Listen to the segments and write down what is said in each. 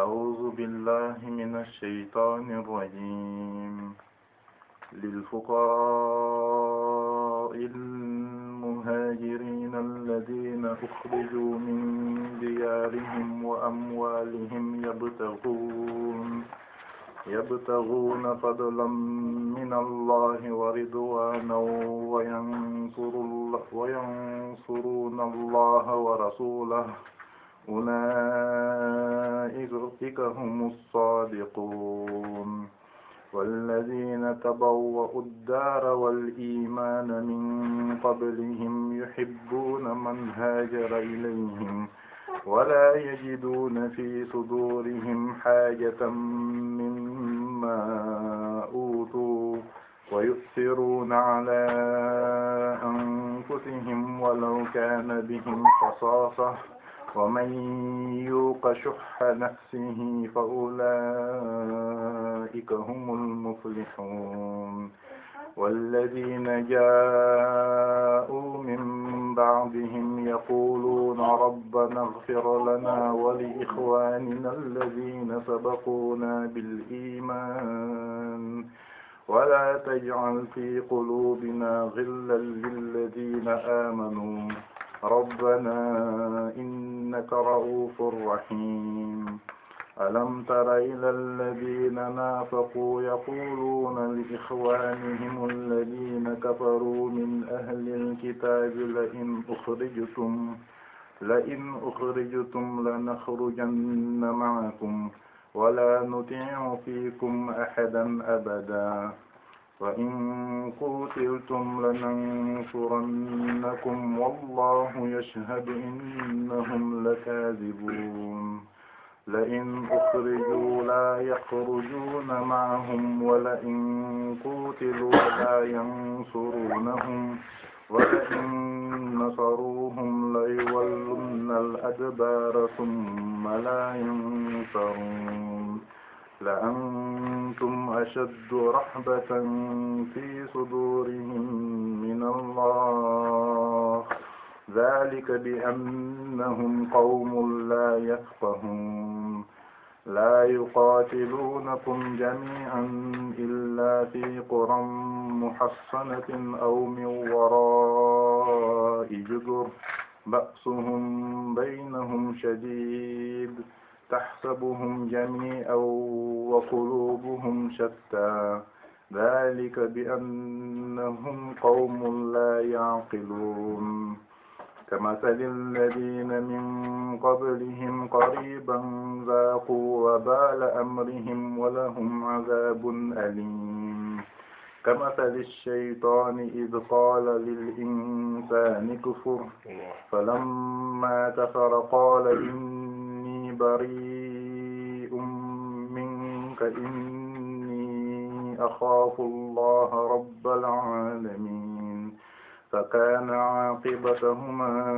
أعوذ بالله من الشيطان الرجيم للفقراء المهاجرين الذين أخرجوا من ديارهم وأموالهم يبتغون يبتغون فضلا من الله ورضوانا وينصرون الله ورسوله أولئك هم الصادقون والذين تبوأوا الدار والإيمان من قبلهم يحبون من هاجر إليهم ولا يجدون في صدورهم حاجة مما أوتوا ويؤثرون على أنفسهم ولو كان بهم خصاصة ومن يوق شح نفسه فأولئك هم المفلحون والذين جاءوا من بعدهم يقولون ربنا اغفر لنا ولإخواننا الذين سبقونا بالإيمان ولا تجعل في قلوبنا غلا للذين آمنوا ربنا إنك رؤوف رحيم ألم تر إلى الذين نافقوا يقولون لإخوانهم الذين كفروا من أهل الكتاب لئن أخرجتم لئن أخرجتم لنخرجن معكم ولا نطيع فيكم أحدا أبدا وإن قتلتم لننصرنكم والله يشهد إنهم لكاذبون لئن أخرجوا لا يخرجون معهم ولئن قتلوا لا ينصرونهم ولئن نصروهم ليولن الأدبار ثم لا ينصرون لأنتم أشد رهبة في صدورهم من الله ذلك بأنهم قوم لا يفقهون لا يقاتلونكم جميعا إلا في قرى محصنة أو من وراء جدر بأسهم بينهم شديد تحسبهم جميعا وقلوبهم شتى ذلك بأنهم قوم لا يعقلون كمثل الذين من قبلهم قريبا ذاقوا وبال أمرهم ولهم عذاب أليم كمثل الشيطان إذ قال للإنسان اكفر فلما كفر قال إن bari'un minka inni axaafu allaha rabbal aalamiin fakaana caaqibatahumaa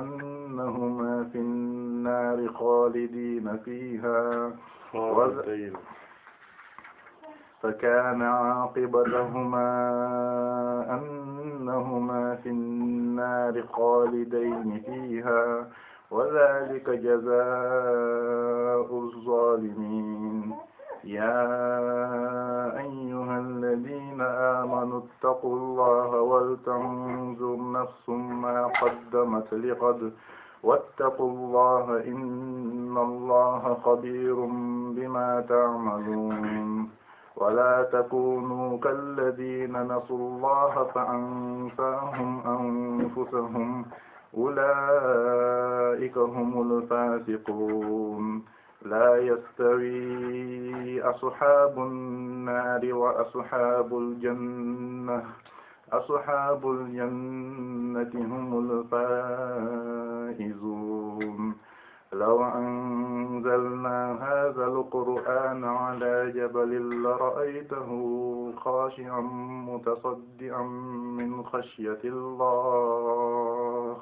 annahumaa fi nnaari xaalidiina fiihaa فكان عاقبتهما أنهما في النار خالدين فيها wa zaalika jazaa'u zaalimiin yaa ayyuhal ladiina aamanuu ittaqu llaaha waltanzur nafsun maa qaddamat liqad wattaqu llaaha inna llaaha xabiirun bimaa ta'maluun ولا تكونوا كالذين نسوا الله فأنساهم أنفسهم ulaa'ika humul faasiquun laa yastawii asxaabun naari wa asxaabul janna asxaabul jannati humul faa'izuun law anzalnaa haazal qur'aana calaa jabalin lara'aytahu xaashi'an mutasaddi'an min xashyati llaah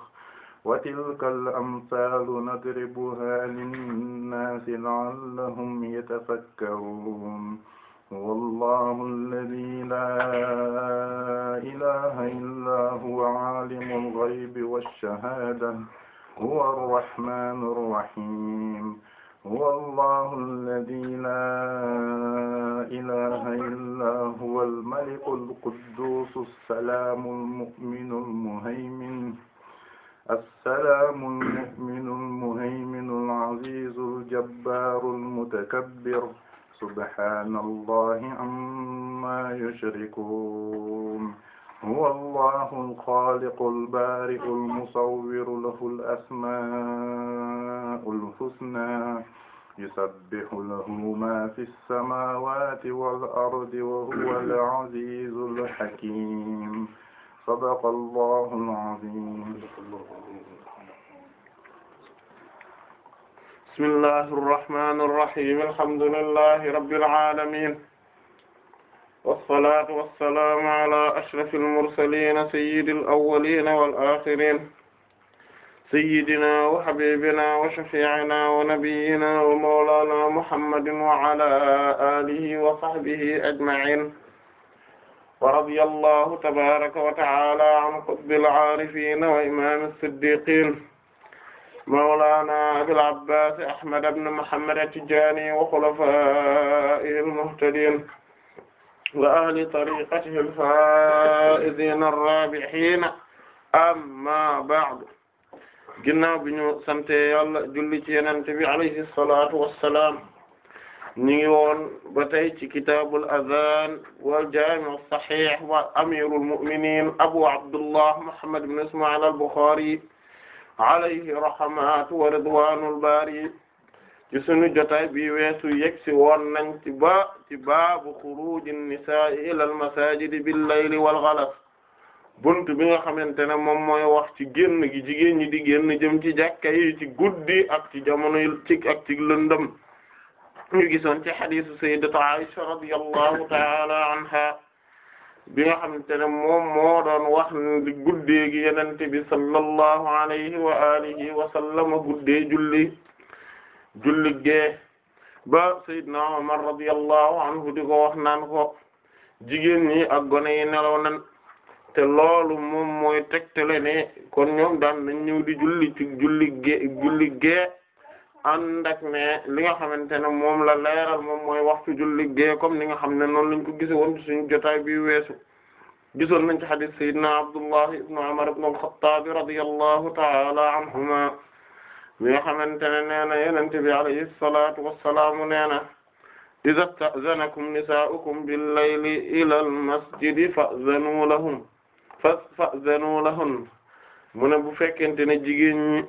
wa tilka al amsaalu nadribuha linnaasi la'allahum yatafakkaruun wallahu alladi laa ilaha illaa huwa aalimu alghaybi wash-shahaada huwa arrahmaanu arrahiim wallahu alladi laa ilaha illaa huwa almaliku alqudduusu assalaamu almu'minu almuhaymin assalaamu almu'minu almuhayminu alazizu aljabbaru almutakabbir subhaanallahi ammaa yushrikuun huwa allahu alxaaliqu albaari'u almusawwiru lahu alasmaa'u alhusnaa yusabbihu lahu maa fi samaawaati wal ardi wa huwa al-aziizu al-hakiim. Sadaqa Allahu al-aziim. bismillahi irrahmani irrahim alhamdulillahi rabbilalamin walsalatu walsalaamu ala ashrafi almursalina sayidi alawalina walaxirin sayidina wa habibina wa shafiina wa nabiyina wa mawlana muhammadin wa ala alihi wa sahbihi ajma'in wa radiyallahu tabaraka wa ta'ala an qutbil aarifin wa imam as-siddiqin mawlana Abil Abbaas Ahmad ibn Muhammad at-Tijaani wa xulafaa'ihi al-muhtadiin wa ahli tariiqatihi al-faa'iziina ar-raabihiina amma ba'du ginnaaw bi ñu sant Yàlla julli ci Yonent bi alayhi salaatu wa salaam ñu ngi woon ba tey ci kitaabul azaan wal jaami' as-sahiih wa amiirul mu'miniin Abu Abdullah Muhammad ibn Ismaa'iil al-Bukhaari alayhi rahmatu wa ridwanul bari ci sunu jotaay bi weesu yegsi woon nañ ci ba ci baabu xuruji nisaa'i ila al masajidi bil layli wal ghalas bunt bi nga xamante ne moom mooy wax ci génn gi jigéen ñi di génn jëm ci jàkka yi ci guddi ak ci jamono ci ak ci lëndëm ñu gisoon ci hadiisu sayyidatu Aisha radiyallahu ta'ala anha bi nga xam ne moom moo doon wax di guddee gi yenente bi sallallahu alayhi wa alihi wa sallama guddee julli julli gee ba sayyidna Umar radiyallahu anhu di ko wax naan ko jigéen ñi ak gone nan te loolu moom mooy tegtale ne kon ñoom daan nañ ñëw julli julli gee ànd ak ne li nga xamante ne moom la leeral moom mooy waxtu julli gee comme ni nga xam ne noonu lañ ko gise woon suñu jotaay bi weesu gisoon nañ ci hadith sayyidina Abdullah ibn Umar ibn al-Khattab radiyallahu ta'ala anhuma mi nga xamante ne nee na yenente bi alayhi salatu wassalaamu nee na idha sta'zanakum nisa'ukum bil-layli ila al-masjidi fa'zanu lahum fa'zanu lahun mu ne bu fekkente ne jigéen ñi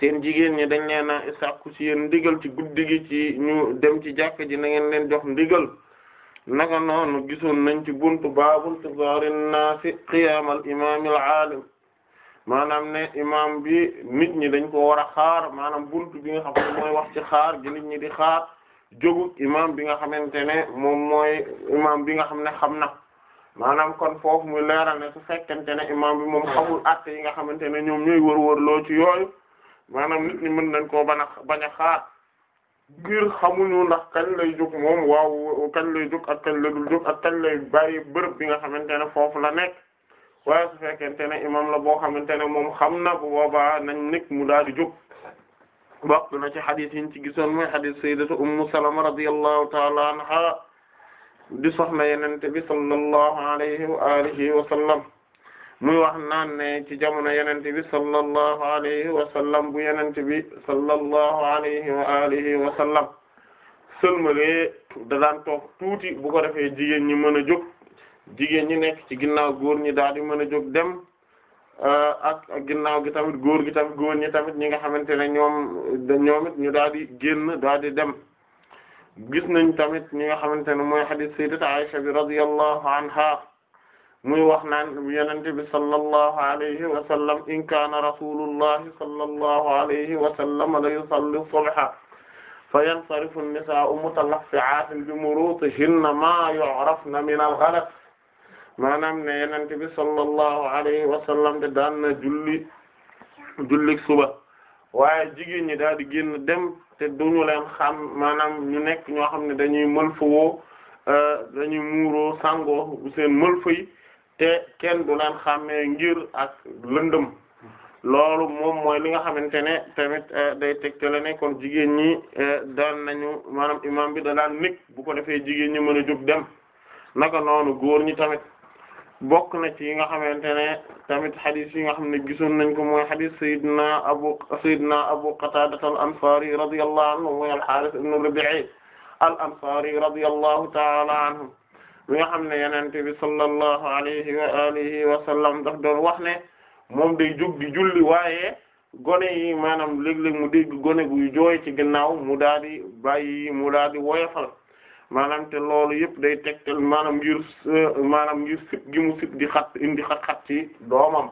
seen jigéen ñi dañ leen a sàkku ci yéen ndigal ci guddi gi ci ñu dem ci jàkka ji na ngeen leen jox ndigal naka noonu gisoon nañ ci buntu baabul tidari naasi qiyaamal imaamil aalim maanaam ne imaam bi nit ñi dañ ko war a xaar maanaam buntu bi nga xam ne mooy wax ci xaar gi nit ñi di xaar jógu imaam bi nga xamante ne moom mooy imaam bi nga xam ne xam na maanaam kon foofu muy leeral ne su fekkente ne imaam bi moom xamul àtte yi nga xamante ne ñoom ñooy wër-wër loo ci yooyu maanaam nit ñi mën nañ koo bañ a bañ a xaar xamuñu ndax kañ lay jóg moom waaw kañ lay jóg ak kañ la dul jóg ak kañ lay bàyyi bërëb bi nga xamante ne foofu la nekk waaye su fekkente ne imam la boo xamante ne moom xam na bu boobaa nañ nekk mu daal di jóg bokk na ci xadis yiñ ci gisoon mooy xadis sayyidatu ummu salama radiyallahu taala anha di soxna yenente bi sallallahu alayhi wa alihi muy wax naan ne ci jamono yenente bi sallallahu alayhi wa sallam bu yenente bi sallallahu alayhi wa alihi wa sallam sëlmalee da daan toog tuuti bu ko defee jigéen ñi mën a jóg jigéen ñi nekk ci ginnaaw góor ñi daal di mën a jóg dem eh, ak ginnaaw gi tamit góor gi tamit góor ñi tamit ñi nga xamante ne ñoom ñoom it ñu daal di génn daal di dem gis nañ tamit ñi nga xamante ne mooy hadith sayyidati Aisha bi radiyallahu anha muy wax naan yenente bi sallallahu alayhi wa sallam in kaana rasulullahi sallallahu alayhi wa sallam la yusalli subha fa yansarifu an-nisaa'u mutalaffi'aatin bi muruutihinna maa yu'rafna min al-ghalat maanaam ne yenente bi sallallahu alayhi wa sallam de daan na julli jullig suba waaye jigéen ñi daal di génn dem te duñu leen xam maanaam ñu nekk ñoo xam ne dañuy mël fa woo euh, dañuy muuroo sangoo seen mël fa yi te kenn du leen xàmmee ngir ak lëndëm loolu moom mooy li nga xamante ne tamit euh, day tegtale ne kon jigéen ñi euh, daan nañu maanaam imam bi da daan nekk bu ko defee jigéen ñi mën a jóg dem naka noonu góor ñi tamit bokk na ci yi nga xamante ne tamit xadis yi nga xam ne gisoon nañ ko mooy xadis sayyidina abu sayyidina abu qatada al ansari radiyallahu anhu mooy al harith ibn bi nga xam ne yenente bi sallallahu alayhi wa alihi wa sallam daf doon wax ne moom day jug julli waaye gone yi maanaam léeg-léeg mu dégg gone guy jooy ci ginnaaw mu daal di bàyyi mu daal di woyofal maanaam te loolu yëpp day tegtal maanaam ngir maanaam ngir sip gi mu sip di xat indi xat ci doomam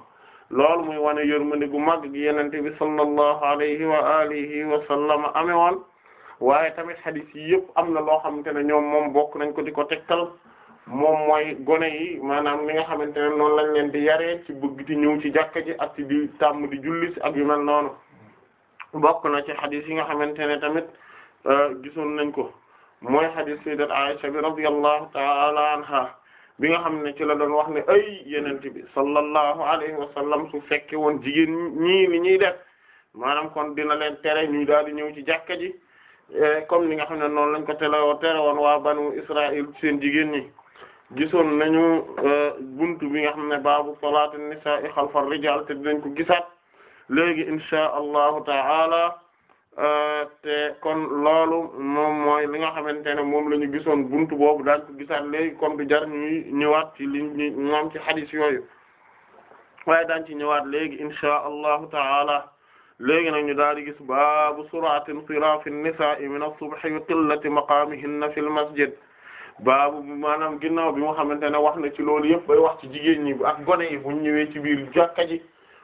loolu muy wane yërmande gu màgg gi yenente bi sallallahu alayhi wa alihi wa sallam amewoon waaye tamit hadith yi yëpp am na loo xam xamante ne ñoom moom bokk nañ ko di ko tegtal moom mooy gone yi maanaam li nga xamante ne noonu lañ leen di yaree ci bëgg di ñëw ci jàkka ji ak ci di tàmm di jullit ak yu mel noonu bokk na ci xadis yi nga xamante ne tamit euh, gisoon nañ ko mooy xadis sayyidat Aisha bi radiyallahu ta'ala anha bi nga xam ne ci la doon wax ne ay yenent bi sallallahu alayhi wa sallam su fekke woon jigéen ñii li ñuy def maanaam kon dina leen tere ñuy daal di ñëw ci jàkka ji eh, comme ni nga xam ne noonu lañ ko tele tere woon waa banu Israël seen jigéen ñi gisoon nañu euh, buntu bi nga xam ne baabu salaatu nisaa'i xalfa rijaal te dinañ ko gisaat léegi insha allahu ta'ala euh, te kon loolu moom mooy li nga xamante ne moom la ñu gisoon buntu boobu daal ko gisaat léegi kon du jar ñuy ñëwaat ci li ñu ñoom ci xadis yooyu waaye daan ci ñëwaat léegi insha allahu ta'ala léegi nag ñu daal di gis baabu sur'ati insiraafi nisaa'i mina as-subhi wa qillati maqaamihinna fil masjid baabu maanaam ginnaaw bi nga xamante ne wax na ci loolu yëpp bay wax ci jigéen ñi ak gone yi buñ ñëwee ci biir jàkka ji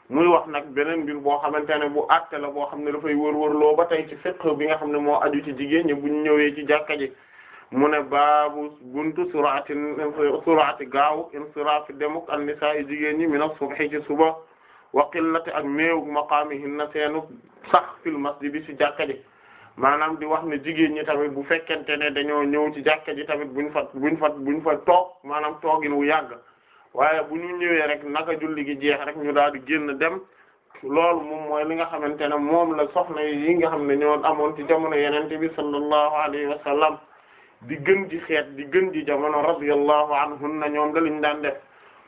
muy wax nag beneen mbir boo xamante ne bu àtte la boo xam ne dafay wër-wër loo ba tey ci fiqh bi nga xam ne moo aju ci jigéen ñi buñ ñëwee ci jàkka ji mu ne baabu buntu suraati suraati gaaw insiraafi demuk an-nisaa yi jigéen ñi min as-subhi ci suba wa qillati ak néew maqaamihinna seenu sax fil masjid bi ci jàkka ji maanaam di wax na jigéen ñi tamit bu fekkente ne dañoo ñëw ci jàkka ji tamit buñ fa buñ fa buñ fa toog maanaam toogin wu yàgg waaye bu ñu ñëwee rek naka julli gi jeex rek ñu daal di génn dem loolu moom mooy li nga xamante ne moom la soxna yi nga xam ne ñoo amoon ci jamono yenente bi sallallahu alayhi wa sallam di gën ji xeet di gën ji jamono radiyallahu anhunna ñoom da liñ daan def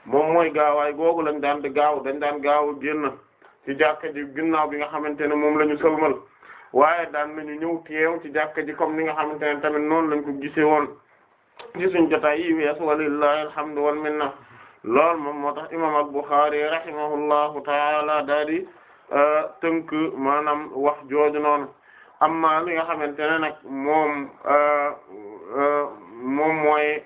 moom mooy gaawaay googu lañ daan di gaaw dañ daan gaaw génn ci jàkka ji bi nga xamante ne moom la ñu sëlmal waaye daan nañu ñëw teew ci jàkka ji comme ni nga xamante ne tamit noonu lañ ko gisee woon ci suñ jotaay yi weesu walillahi alhamdu wal na lool moom moo tax imam al-Bukhari rahimahullahu taala daal di euh, tënk maanaam wax jooju noonu amma li nga xamante tene nag moom euh, euh, moom mooy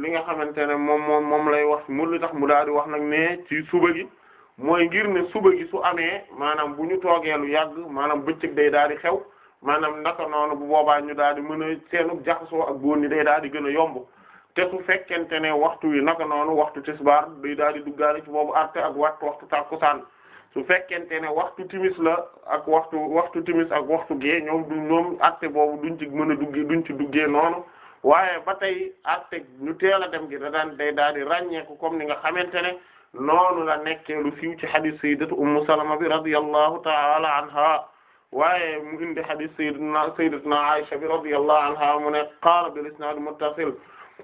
li nga xamante ne moom moom lay wax mu li tax mu daal di wax nag ne ci suba gi mooy ngir ne suba gi su amee maanaam bu ñu toogee lu yàgg maanaam bëccëg day daal di xew maanaam naka noonu bu boobaa ñu daal di mën a seenu jaxasoo ak góor ñi day daal di gën a yomb te su fekkente ne waxtu wi naka noonu waxtu tisbaar day daal di duggaale ci boobu arte ak waxtu waxtu tàkkusaan su fekkente ne waxtu timis la ak waxtu waxtu timis ak waxtu gee ñoom du ñoom àtte boobu duñ ci mën a duggee duñ ci duggee noonu waaye ba tey àtte ñu teel a dem gi da daan day daal di ràññeeku comme ni nga xamante ne. noonu la nekkee lu fiw ci hadith sayyidatu ummu salama bi radiyallahu ta'ala anha waaye mu indi hadith sayyidatuna sayyidatuna Aisha bi radiyallahu anha mu ne qaala bil isnad muttasil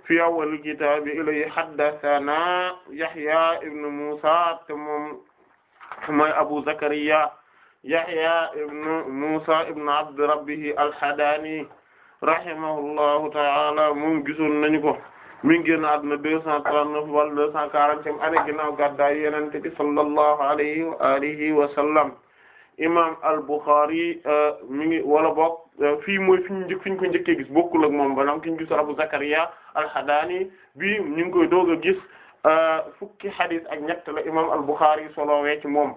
fi awwal kitaab ilay haddathana Yahya ibn Musa te moom mooy Abu Zakariya Yahya ibn Musa ibn Abd Rabbih al-Hadani rahimahullahu ta'ala moom gisoon nañu ko mi ngi génn àdduna deux cent trente-neuf wala deux cent quarantième année ginnaaw gàddaay Yonent bi sallallahu alayhi wa alihi wa sallam imam al-Bukhari euh, mi ngi wala bokk euh, fii mooy fi ñu njëkk fi ñu ko njëkkee gis bokkul ak moom banaam ki ñu gis Abu Zakariya al-Hadani bii ñu ngi koy doog a gis euh, fukki hadith ak ñett la imam al-Bukhari solowee ci moom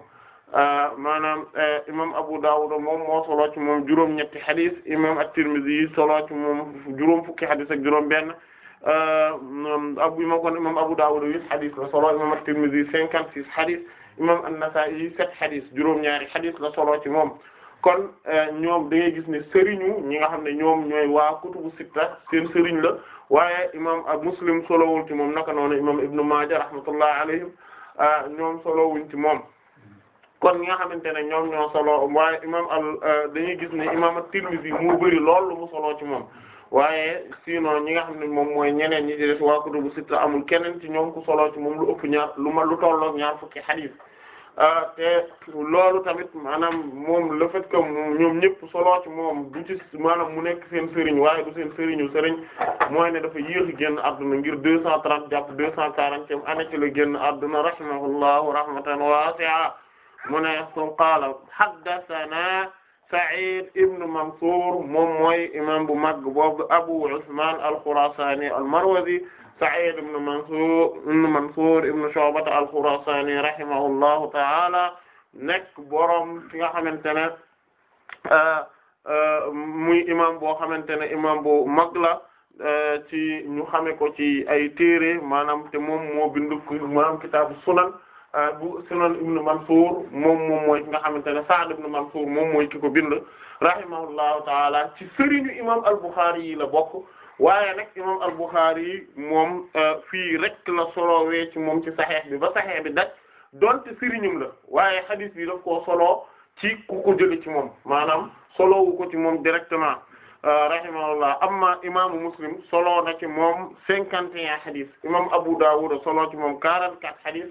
maanaam imam Abu Dawud moom moo solo ci moom juróom ñetti hadith imam at-Tirmidhi solo ci moom juróom fukki hadith ak juróom benn abu ma kon imam Abu Dawud huit hadith la solo imam At-Tirmidhi cinquante six hadith imam An-Nasa'i sept hadith juróom-ñaari hadith la solo ci moom kon euh, ñoom da gis ne sëriñu ñi nga xam ne ñoom ñooy waa kutubu sitta seen sëriñ la waaye imam ak Muslim solowul ci moom naka noonu imam Ibn Maaja rahmatullah alayhim euh, ñoom solowuñ ci moom kon ñi nga xamante ne ñoom ñoo solo waaye imam al euh, dañuy gis ne imam At-Tirmidhi moo bëri loolu mu solo ci moom waaye sinon ñi nga xam ne moom mooy ñeneen ñi ci des waa kutubu sitta amul kenen ci ñoom ku solo moom lu ëpp ñaar lu ma lu tollook ñaar fukki xadiis ah, te loolu tamit maanaam moom le fait que ñoom ñëpp solo moom du ci mu nekk seen sëriñ waaye du seen sëriñu sëriñ mooy ne dafa yéex génn adduna ngir deux cent trente jàpp deux cent quarantième année ci la génn adduna rahimahullahu rahmatan wasi'a mu ne su qaala haddathana Sa'id ibn Mansour moom mooy imam bu mag boobu Abu Usman al-Khurasani al-Marwazi Sa'id ibn Mansour ibn Mansour ibn Shu'ba al-Khurasani rahimahullahu ta'ala nekk borom fi nga xamante ne euh, euh, muy imam boo xamante ne imam bu mag la euh, ci ñu xame ko ci ay téere maanaam te moom moo bindu maanaam kitaabu sunan Euh, bu sunan ibn Mansour moom moom mooy ki nga xamante ne Sa'd ibn Mansour moom mooy ki ko bind rahimahullahu taala ci sëriñu imam al-Bukhari yi la bokk waaye nag imam al-Bukhari yi moom euh, fii rek la solowee ci moom ci saxeex bi ba saxeex bi daj donte sëriñum la waaye xadis bi daf koo soloo ci ku ko ci moom maanaam soloowu ko ci moom directement euh, rahimahullah amma imaamu Muslim solo na ci moom cinquante et un xadis imam Abu Dawud soloo ci moom quarante-quatre xadis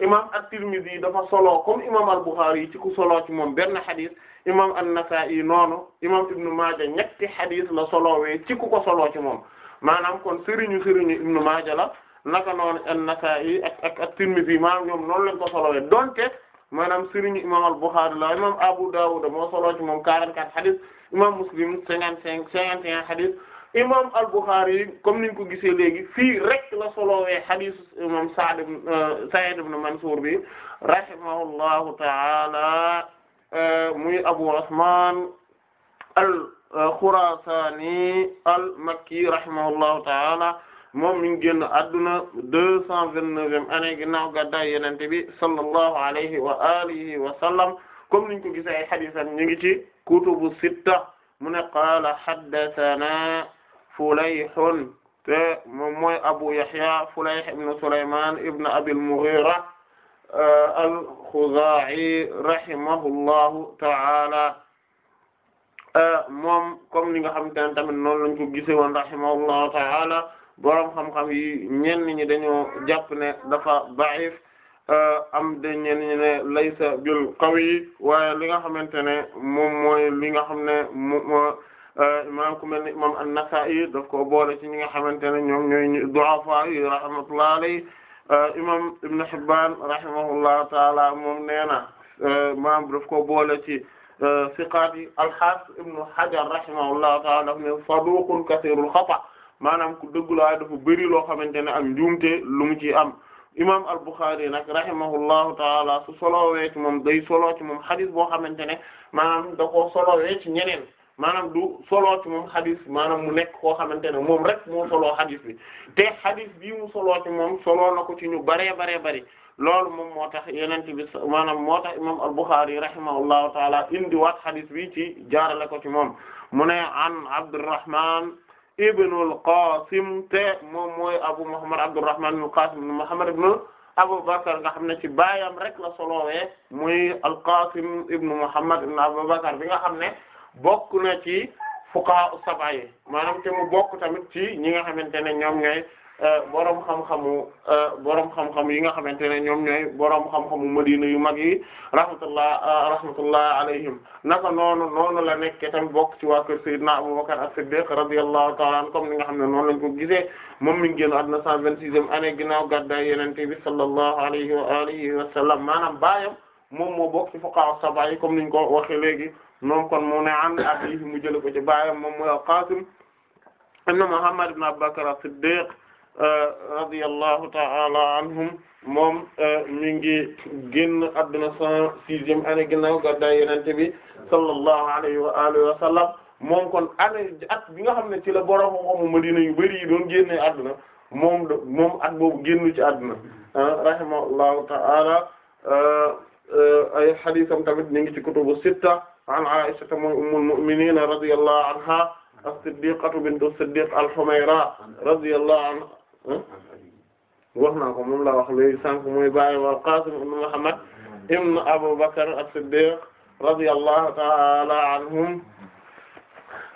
imam at-Tirmidhi dafa solo comme imam al-Bukhari yi ci ku solo ci moom benn xadis imam an-Nasa'i noonu imam Ibn Maaja ñetti xadis la solowee ci ku ko solo ci moom maanaam kon sëriñu sëriñu Ibn Maaja la naka noonu an-Nasa'i ak ak at-Tirmidhi maanaam ñoom noonu lañ ko solowee donte maanaam sëriñu imam al-Bukhari la imam Abu Dawud moo solo ci moom 44 xadis imam Muslim 55 51 xadis imam al-Bukhari yi comme niñ ko gisee léegi fii rek la solowee hadith imam Sa'd ibn euh, Sa'id ibn Mansur ta'ala euh, muy Abu Usman al-Khurasani al-Makki rahimahullahu ta'ala moom mi ngi génn adduna deux cent vingt-neuvième année ginnaaw gàddaay Yonent bi sallallahu alayhi wa alihi wa sallam comme niñ ko gisee ay hadith am ñu ngi ci kutubu sitta mu ne qaala haddathana Fulayhun te moom mooy Abu Yahya Fulayh ibn Sulayman ibn Abil Mughira eh, al-Khuzaa'i rahimahullahu ta'ala eh, moom comme ni nga xamante ne tamit noonu lañ ko gise woon rahimahullahu ta'ala boroom xam-xam yi ñenn ñi dañoo ne dafa da'if eh, am de ñenn ne laysa bil qawi waaye li nga xamante moom mooy li xam ne Euh, imam ku mel ne imam an-Nasa'i daf ko boole ci ñi nga xamante ne ñoom ñooy du'afa yi rahmatullahi alayhi euh, imam Ibn Hibban rahimahullahu taala moom nee na euh, maam daf ko boole ci siqaat yi al-Hafiz Ibn Hajar taala daf ne saduqun kathirul xata maanaam ku dëggulaa dafa bëri loo xamante ne am njuumte lu mu ci am imam al-Bukhari nag rahimahullahu taala su solowee ci moom day solo ci moom xadis boo xamante ne maanaam da koo solowee ci maanaam du solo ci moom xadis maanaam mu nekk koo xamante ne moom rek moo solo xadis bi te xadis bii mu solo ci moom solo na ko ci ñu baree baree bari loolu moom moo tax yeneen bi maanaam moo tax imam al-Bukhari rahimahullahu taala indi waat xadis bi ci jaarale ko ci moom mu ne an Abdurrahman ibn al-Qasim te moom mooy Abu Muhammad Abdurrahman ibn al-Qasim ibn Muhammad ibn Abu Bakr nga xam ne ci baayam rek la solowee muy al-Qasim ibn Muhammad ibn Abu Bakr bi nga xam ne bokk na ci fuqaha sab'a yi maanaam te mu bokk tamit ci ñi nga xamante ne ñoom ñooy euh, boroom xam-xamu euh, boroom xam-xam yi nga xamante ne ñoom ñooy boroom xam-xamu madina yu mag yi rahmatullah euh, rahmatullah alayhim naka noonu noonu la nekkee tamit bokk ci waa kër Seydina Abubakar as-Siddiq radiyallahu ta'ala anhu comme nga xam ne noonu lañ ko gisee moom mi ngi génn àdduna 126e année ginnaaw gàddaay Yonent bi sallallahu alayhi wa alihi wa sallam maanaam baayam moom moo bokk ci o sab'a yi comme niñ ko waxee léegi moom kon mu ne an abiihi mu jël ko ci baayam moom mooy al-Qaasim ibn Muhammad ibn Abu Bakr as-Siddiq euh, radiyallahu ta'ala anhum moom euh, mi ngi génn adduna cent sixième année ginnaaw gàddaay Yonent bi sallallahu alayhi wa alihi wa sallam moom kon année at bi nga xam ne ci la borom xamu Madina yu bari yi doon génnee adduna moom moom at boobu génnu ci adduna ah, rahimahullahu ta'ala euh, ay hadiisam tamit mi ngi ci kutubu sitta an Aisha mooy ummul mu'minin radiyallahu anha as-siddiqatu bintu siddiq al-Humayra radiyallahu anha wax naa ko moom la wax léegi sànq mooy bàyyi wal Qasim ibn Muhammad ibn Abu Bakr as-Siddiq radiyallahu ta'ala anhum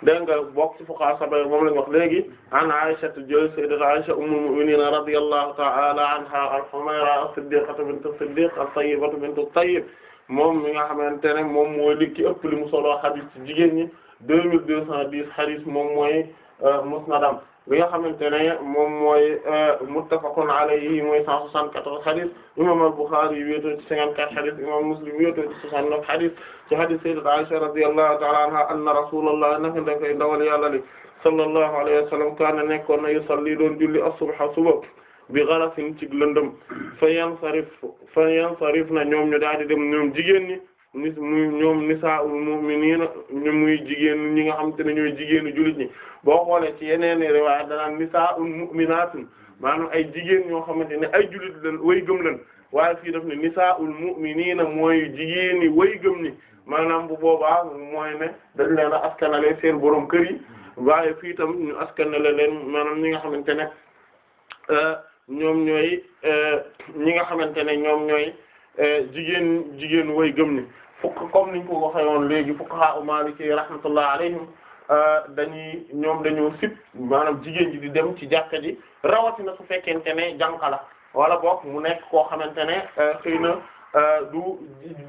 dégg nga bokk ci fuqaha sabay moom lañ wax léegi an Aisha jël sayyidatu Aisha ummul mu'minin radiyallahu ta'ala anha al-Humayra as-siddiqatu bintu siddiq at-tayyibatu bintu tayyib moom mi nga xamante ne moom mooy li ki ëpp li mu solo xadis ci jigéen ñi deux mille deux cent dix xadis moom mooy euh, musnadam li nga xamante ne moom mooy euh, muttafaqun alayhi mooy cent soixante-quatorze xadis imam al-Bukhari yi wéetoo ci cinquante-quatre xadis imam Muslim wéetoo ci soixante-neuf xadis ci xadis sayyidat Aisha radiyallahu ta'ala anha anna rasulullah naka ndafay ndawal yàlla li sallallahu alayhi wa sallam kaana nekkoon na yusalli doon julli as-subha suba bi gharafin ci lëndëm fa yansarif fa na ñoom ñu daal di dem ñoom jigéen ñi ni ñoom nisaa ul mu'minina ñu muy jigéen ñi nga xam te ne ñooy jigéenu jullit ñi boo xoolee ci yeneen riwaaya danaan nisaa ul mu'minaatun maanaam ay jigéen ñoo xamante ne ay julit lañ way gëm lañ waaye fii daf ne nisaa ul mu'minina mooy jigéen ñi way gëm ñi maanaam bu boobaa mooy ne dañ leen a askanale seen borom kër yi waaye fii tam ñu askanale leen maanaam ñi nga xamante euh, ñoom ñooy euh, ñi nga xamante ne ñoom ñooy euh, jigéen jigéen way gëm ni fukk comme niñ ko waxee woon léegi fuqaha maliki rahmatullah alayhim euh, dañuy ñoom dañoo sib maanaam jigéen ji di dem ci jàkka ji rawatina su fekkente ne jànka wala boog mu nekk koo xamante ne xëy na du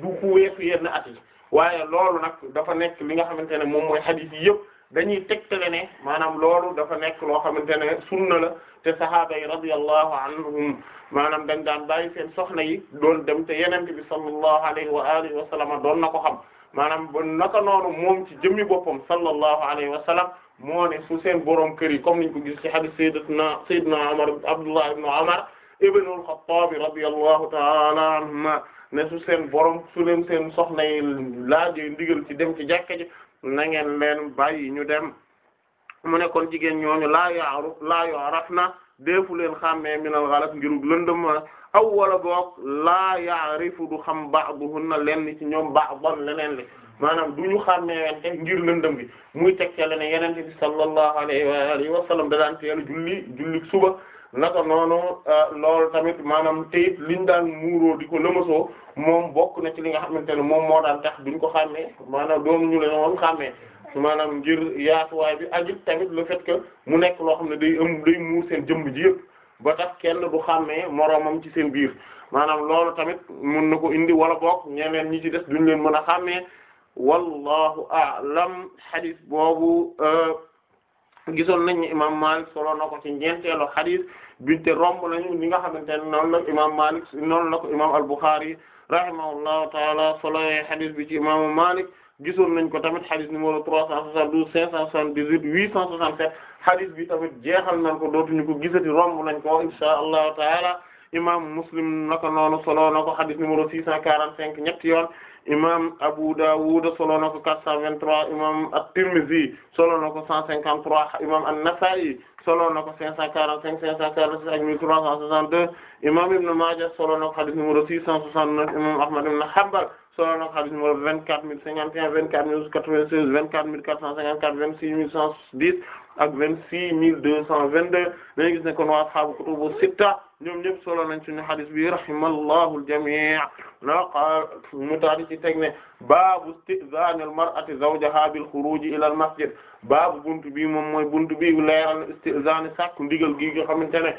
du ku weesu yenn at yi waaye loolu nag dafa nekk li nga xamante ne moom mooy hadith yi yëpp dañuy tegtale ne maanaam loolu dafa nekk loo xamante ne sunna la te sahaaba yi radiyallahu anhum maanaam dañ daan bàyyi seen soxna yi doon dem te yenente bi sallallahu alayhi wa alihi doon na ko xam maanaam ba naka noonu moom ci jëmmi boppam sallallahu alayhi wa sallam moo ne su seen borom kër yi comme niñ ko gis ci hadith sayyidina sayyidina Umar Abdullah ibn Umar ibn al-Khattab radiyallahu ta'ala anhuma ne su borom su leen seen soxna yi laajee ndigal ci dem ci jàkka ji na ngeen leen bàyyi ñu dem mu ne kon jigéen ñooñu laa yaaru laa yaaraf na deefu leen xàmmee minal xalas ngirug lëndëm aw wala boog laa yaarifu du xam a ba'duhunna lenn ci ñoom ba'dan leneen li maanaam du ñu xàmmeewante ngir lëndëm bi muy teg ca ne yeneen bi sallallahu alayhi wa alihi wa sallam da daan teel julli julli suba naka noonu euh, loolu tamit maanaam teyit liñ daan muuroo di ko lëmasoo moom bokk na ci li nga xamante ne moom moo daan tax ñu ko xàmmee maanaam doomu ñu leen woon xàmmee maanaam ngir yaatuwaay bi ajit tamit le fait que mu nekk loo xam ne day ëmb day muur seen ji yëpp ba tax kenn du xàmmee moroomam ci seen biir maanaam loolu tamit mun na ko indi wala bokk ñeneen ñi ci des duñ leen mën a xàmmee wallahu a'lam xadis boobu euh, gisoon nañ ne imaam Maalik solo na ko ci ñeenteelu xadis bi te romb nañu ñi nga xamante ne noon la imaam Maalik noonu la ko imaam al-Bukhari rahimahullahu taala solo xadis bi ci imaamu Maalik gisoon nañ ko tamit xadis numéro 372 578 867 xadis bi tamit jeexal nañ ko dootuñu ko gisati romb nañ ko inshaa allahu taala imam muslim naka noonu solo na ko xadis numéro 645 ñetti yoon imam Abu Dawud solo na ko 423 imam At-Tirmidhi solo na ko 153 imam An-Nasa'i solo na ko 545 546 ak 1362 imam Ibn Majah solo na ko hadith numéro 669 imam Ahmad ibn Hanbal solo na xadis numéro vingt quatre mille cinquante et un vingt quatre mille quatre vingt seize vingt quatre mille quatre cent cinquante quatre vingt six mille cent dix ak vingt six mille deux cent vingt deux dañu gis ne kon waa ashaabu kutubu sitta ñoom ñëpp solo nañ suñu xadis bi rahimallahu al-jamii' naqa mu taati ci teg ne baabu istizaan al-mar'ati zawjaha bil xuruuj ila al-masjid baabu buntu bi moom mooy buntu bi leeral istizaan sàkku ndigal gi nga xamante ne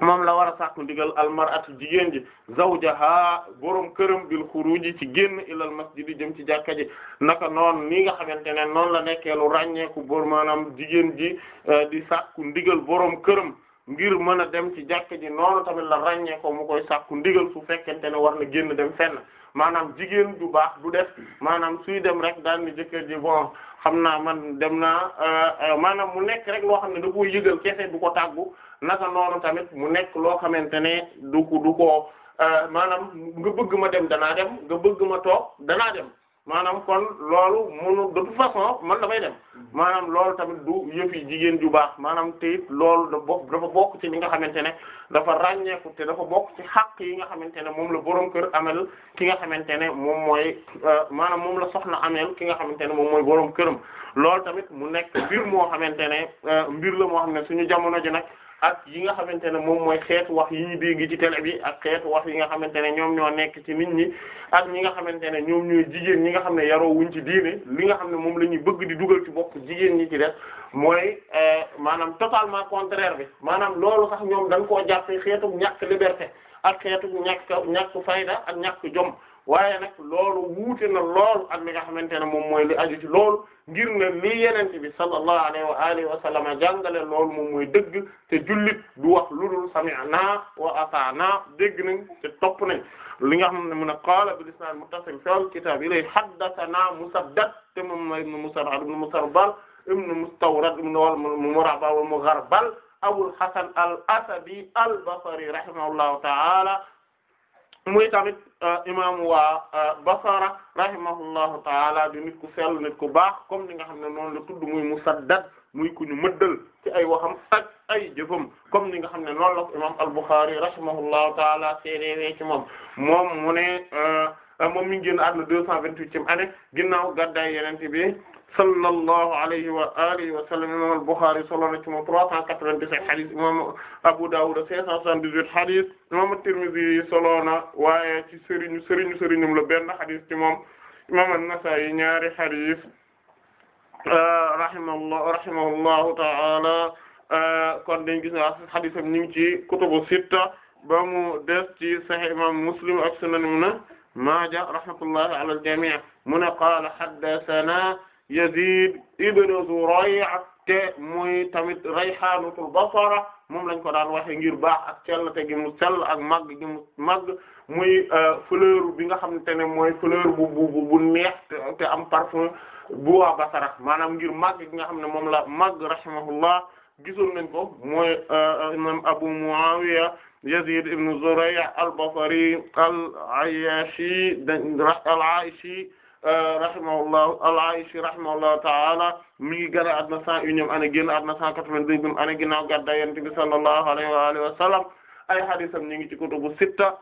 moom la war a sàkku ndigal almaratu jigéen ji zawjaha borom këram bil xuruji ci génn ilal masjid jëm ci jàkka ji naka noonu ni nga xamante ne noonu la nekkeelu lu ràññeeku bor maanaam jigéen ji euh, di sàkku ndigal borom këram ngir mën a dem ci jàkka ji noonu tamit la ràññeekoo mu koy sàkku ndigal su fekkente ne war na génn dem fenn maanaam jigéen du baax du def maanaam suy dem rek daan ni jëkkër ji bon xam naa man dem naa euh, euh, maanaam mu nekk rek loo xam ne da koy yëgal kese du ko tàggu. naka noonu tamit mu nekk loo xamante ne du ko du ko euh, maanaam nga bëgg ma dem danaa dem nga bëgg ma toog danaa dem maanaam kon loolu munu de toute façon man may dem maanaam loolu tamit du yëfi jigéen ju baax maanaam te loolu da bokk dafa bokk ci li nga xamante ne dafa ràññeeku te dafa bokk ci xàq yi nga xamante ne moom la borom kër amel ki nga xamante ne moom mooy euh, maanaam moom la soxna amel ki nga xamante ne moom mooy borom këram lool tamit mu nekk mbir moo xamante ne euh, mbir la moo xam ne suñu jamono ji nag ak yi nga xamante ne moom mooy xeetu wax yi ñu dégg ci télé bi ak xeetu wax yi nga xamante ne ñoom ñoo nekk ci nit ñi ak ñi nga xamante ne ñoom ñooy jigéen ñi nga xam ne yaroo wuñ ci diine li nga xam ne moom la ñuy bëgg di dugal ci bopp jigéen ñi ci def mooy euh, maanaam totalement contraire bi maanaam loolu sax ñoom dañ koo jàppee xeetu ñàkk liberté ak xeetu ñàkk ñàkk fayda ak ñàkk jom waaye nag loolu wuute na lool ak li nga xamante ne moom mooy li aju ci loolu ngir ne lii yeneen bi sallallahu alayhi wa alihi wa sallam jàngale loolu moom mooy dëgg te jullit du wax ludul sami'na wa ata'na dégg nañ te topp nañ li nga xam ne mun a qaala bil isnad muttasil fil kitab ilay haddathana musaddad te moom mooy ibn musarhad ibn musarbal ibn mustawrad ibn wal murabba wal mugharbal abul hasan al asadi al basri rahimahullahu ta'ala muy tamit Euh, imam waa euh, Basra rahimahullahu taala di nit ku sell nit ku baax comme ni nga xam ne noonu la tudd muy musaddad muy ku ñu mëddal ci ay waxam ak ay jëfam comme ni nga xam ne noonu la ko imam al-Bukhari rahimahullahu taala seedeewee ci moom moom mu ne euh, moom mi ngi génn àdduna deux cent vingt-huitième année ginnaaw gàddaay yenente bi sallallahu alayhi wa alihi wa sallam imam al-Bukhari solo na ci moom 397 hadith imam Abu Dawud 578 hadith imam at-Tirmidhi solo na waaye ci sëriñu sëriñu sëriñum la benn hadith ci moom imam an-Nasa'i ñaari hadith euh, rahimahullah rahimahullahu ta'ala euh, kon dañ gis na hadith am ñu ngi ci kutubu sitta ba mu des ci Sahih imam Muslim ak Sunan Ibn Majah rahmatullahi ala al-jami' mu ne qaala haddathana Yazid ibn Zurayh te muy tamit rayhaanatul basara moom lañ ko daan waxee ngir baax ak sell te gi mu sell ak màgg gi mu màgg muy euh, fleur bi nga xamante ne mooy fleur bu bu bu neex te am parfum bu waa basara maanaam ngir màgg gi nga xam ne moom la màgg rahimahullah gisoon nañ ko mooy euh, imam Abu Muawiya Yazid ibn Zuray' al-Basri al-Ayyashi al-Ayshi Euh, rahimahullahu al-Aysi rahimahullahu ta'ala mi ngi gën a àdduna cent et unième année génn àdduna cent quatre-vingt-deuxième année ginnaaw gàddaay Yonent bi sallallahu alayhi wa alihi wa sallam ay hadiisam ñu ngi ci kutubu sitta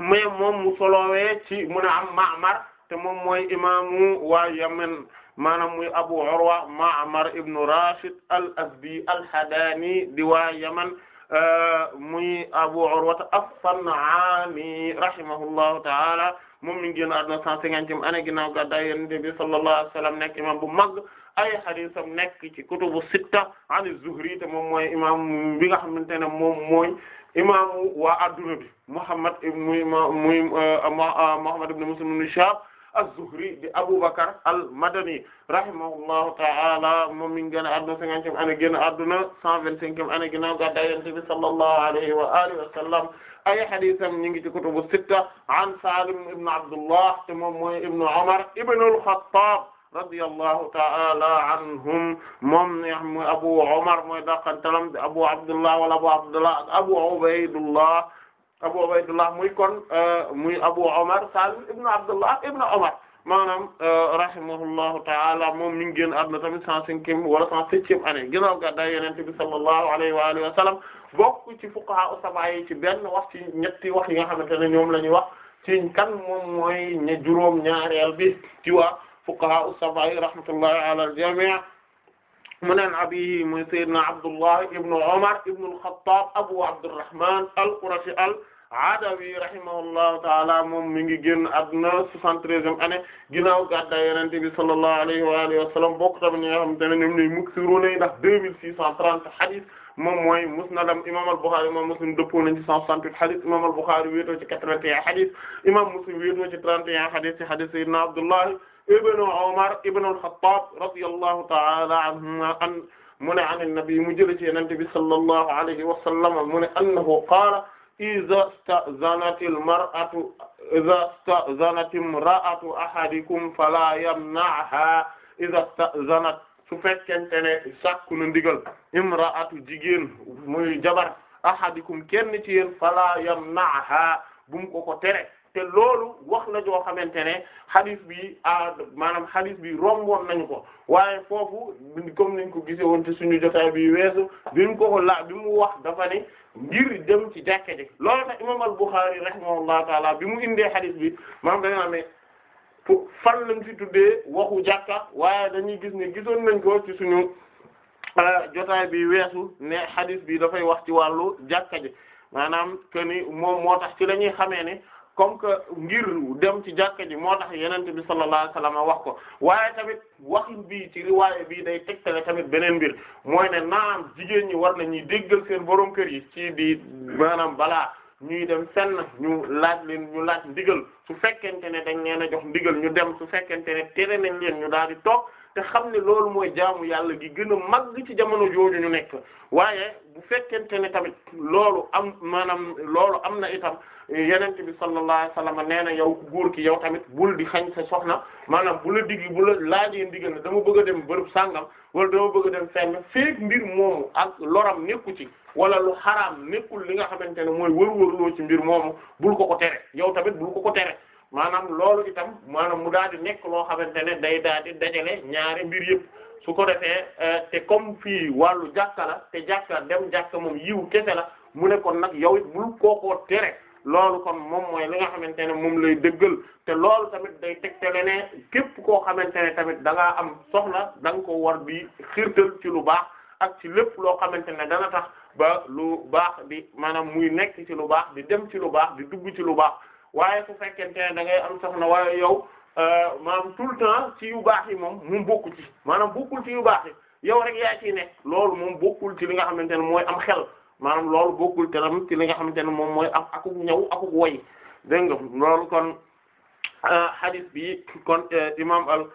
mais moom mu solowee ci mu ne am Ma'mar te moom mooy imaamu waa Yemen maanaam muy Abu Urwa Ma'mar ibn Rashid al-Azdi al-Hadani di waa Yemen euh, muy Abu Urwa as-San'ani rahimahullahu ta'ala moom mi ngi génn àdduna 150e année ginnaaw gàddaay Yonent bi sallallahu alayhi wa sallam nekk imam bu mag ay hadiisam nekk ci kutubu sitta an az-Zuhri te moom mooy imam bi nga xamante ne moom mooy imaamu waa adduna bi Muhammad muy muy Muhammad ibn Muslim ibn Shihab az-Zuhri di Abubakar al-Madani rahimahullahu ta'ala moom mi ngi génn àdduna cinquantième année génn àdduna cent vingt-cinquième année ginnaaw gàddaay Yonent bi sallallahu alayhi wa alihi wa sallam ay hadisam ñi ngi ci kutubu sitta an Salim ibn Abdullah te moom mooy ibnu Umar ibn al-Khattab radiyallahu ta'ala anhum moom mooy Abu Umar mooy daqantalam Abu Abdullah wala Abu Abdullah Abu Ubaydullah Abu Ubaydullah muy kon euh, muy Abu Umar Salim ibn Abdullah ibn Umar maanaam euh, rahimahullahu ta'ala moom mi ngi génn àdduna tamit cent cinquième wala cent septième année ginnaaw gàddaay Yonent bi sallallahu alayhi wa alihi wa sallam bokk ci fuqaha sabaa ci benn wax ci ñetti wax yi nga xamante ne ñoom la ñuy wax ci kan moom mooy ña juróom ñaareel bi ci waa fuqaha sabaa yi rahmatullahi ala al-jami' mu neen abihi muy sayyidna Abdullah ibnu Umar ibnu al-Khattab Abu Abdurrahman al-Qurashi al-Adawi rahimahullahu ta'ala moom mi ngi génn àdduna 73e année ginnaaw gàddaay Yonent bi sallallahu alayhi wa alihi wa sallam bokk tamit ñi nga xamante moom mooy musnadam imam al-Bukhari imam Muslim dëppoo nañ ci 168 xadis imam al-Bukhari wéetoo ci 81 xadis imam Muslim wéetoo ci 31 xadis ci xadis sayyidina Abdullah ibn Umar ibn al-Khattab radiyallahu ta'ala anhuma an mu ne an an-nabi mu jële ci yenente bi sallallahu alayhi wa sallam mu ne annahu qaala iza sta'zanati al-mar'atu iza sta'zanati imra'atu ahadikum fala yamna'ha iza sta'zanat su fekkente ne sàkku na ndigal imraatu jigéen muy jabar ahadikum kenn ci yéen fala yamna'ha bu mu ko ko tere te loolu wax la joo xamante ne hadith bi a maanaam hadith bi romboon nañu ko waaye foofu comme nañ ko gisee woon ci suñu jotaay bi weesu bi mu ko ko la bi mu wax dafa ne ngir dem ci jàkka ji loolu tax imam al-Bukhari rahimahullahu taala bi mu indee hadith bi maanaam dañoo amee fu fan lañ fi tuddee waxu jàkka waaye dañuy gis ne gisoon nañ ko ci suñu euh, jotaay bi weesu ne xadis bi dafay wax ci wàllu jàkka ji maanaam que ni moom moo tax ci lañuy xamee ne comme que ngir dem ci jàkka ji moo tax yenente bi sallallahu alayhi wax ko waaye tamit waxin bi ci riwaaye bii day teg tegtale tamit beneen mbir mooy ne naam jigéen ñi war nañuy déggal seen borom kër yi ci di maanaam balaa ñuy dem fenn ñu laaj leen ñu laaj ndigal su fekkente ne dañ leen a jox ndigal ñu dem su fekkente ne tere nañ leen ñu daal di toog te xam ne loolu mooy jaamu yàlla gi gën mag màgg ci jamono jooju ñu nekk waaye bu fekkente ne tamit loolu am maanaam loolu am na itam yeneen yenent bi sallallahu alayhi wasallam nee na yow góor ki yow tamit bul di xañ sa soxna maanaam bu la digg bu la laajee ndigal ne dama bëgg a dem bërëb sàngam wala dama bëgg a dem fenn feek mbir moomu ak loram nekku ci wala lu xaraam nekkul li nga xamante ne mooy wër-wër loo ci mbir moomu bul ko ko tere yow tamit bul ko maanaam loolu itam maanaam mu daal di nekk loo xamante ne day daal dajale ñaari mbir yëpp su ko defee euh, te comme fii wàllu jàkka la te jàkka dem jàkka moom yiw kese la mu ne kon nag yow it bul kookoo tere loolu kon moom mooy li nga xamante ne moom lay dëggël te loolu tamit day tegtale ne képp koo xamante ne tamit da ngaa am soxla da nga ko war bi xirtal ci lu baax ak ci lépp loo xamante ne dana tax ba lu baax di maanaam muy nekk ci lu baax di dem ci lu baax di dugg ci lu baax waaye su fekkente ne da ngay am soxna waaye yow euh, maanaam tout le temps ci yu baax yi moom moom bokku ci maanaam bokkul ti yu baax yi yow rek yaa ciy nekk loolu moom bokkul ci li nga xamante ne mooy am xel maanaam loolu bokkul tam ci li nga xamante ne moom mooy am akuk ñaw akuk woy dégg nga loolu kon euh, hadith bi kon euh, imam al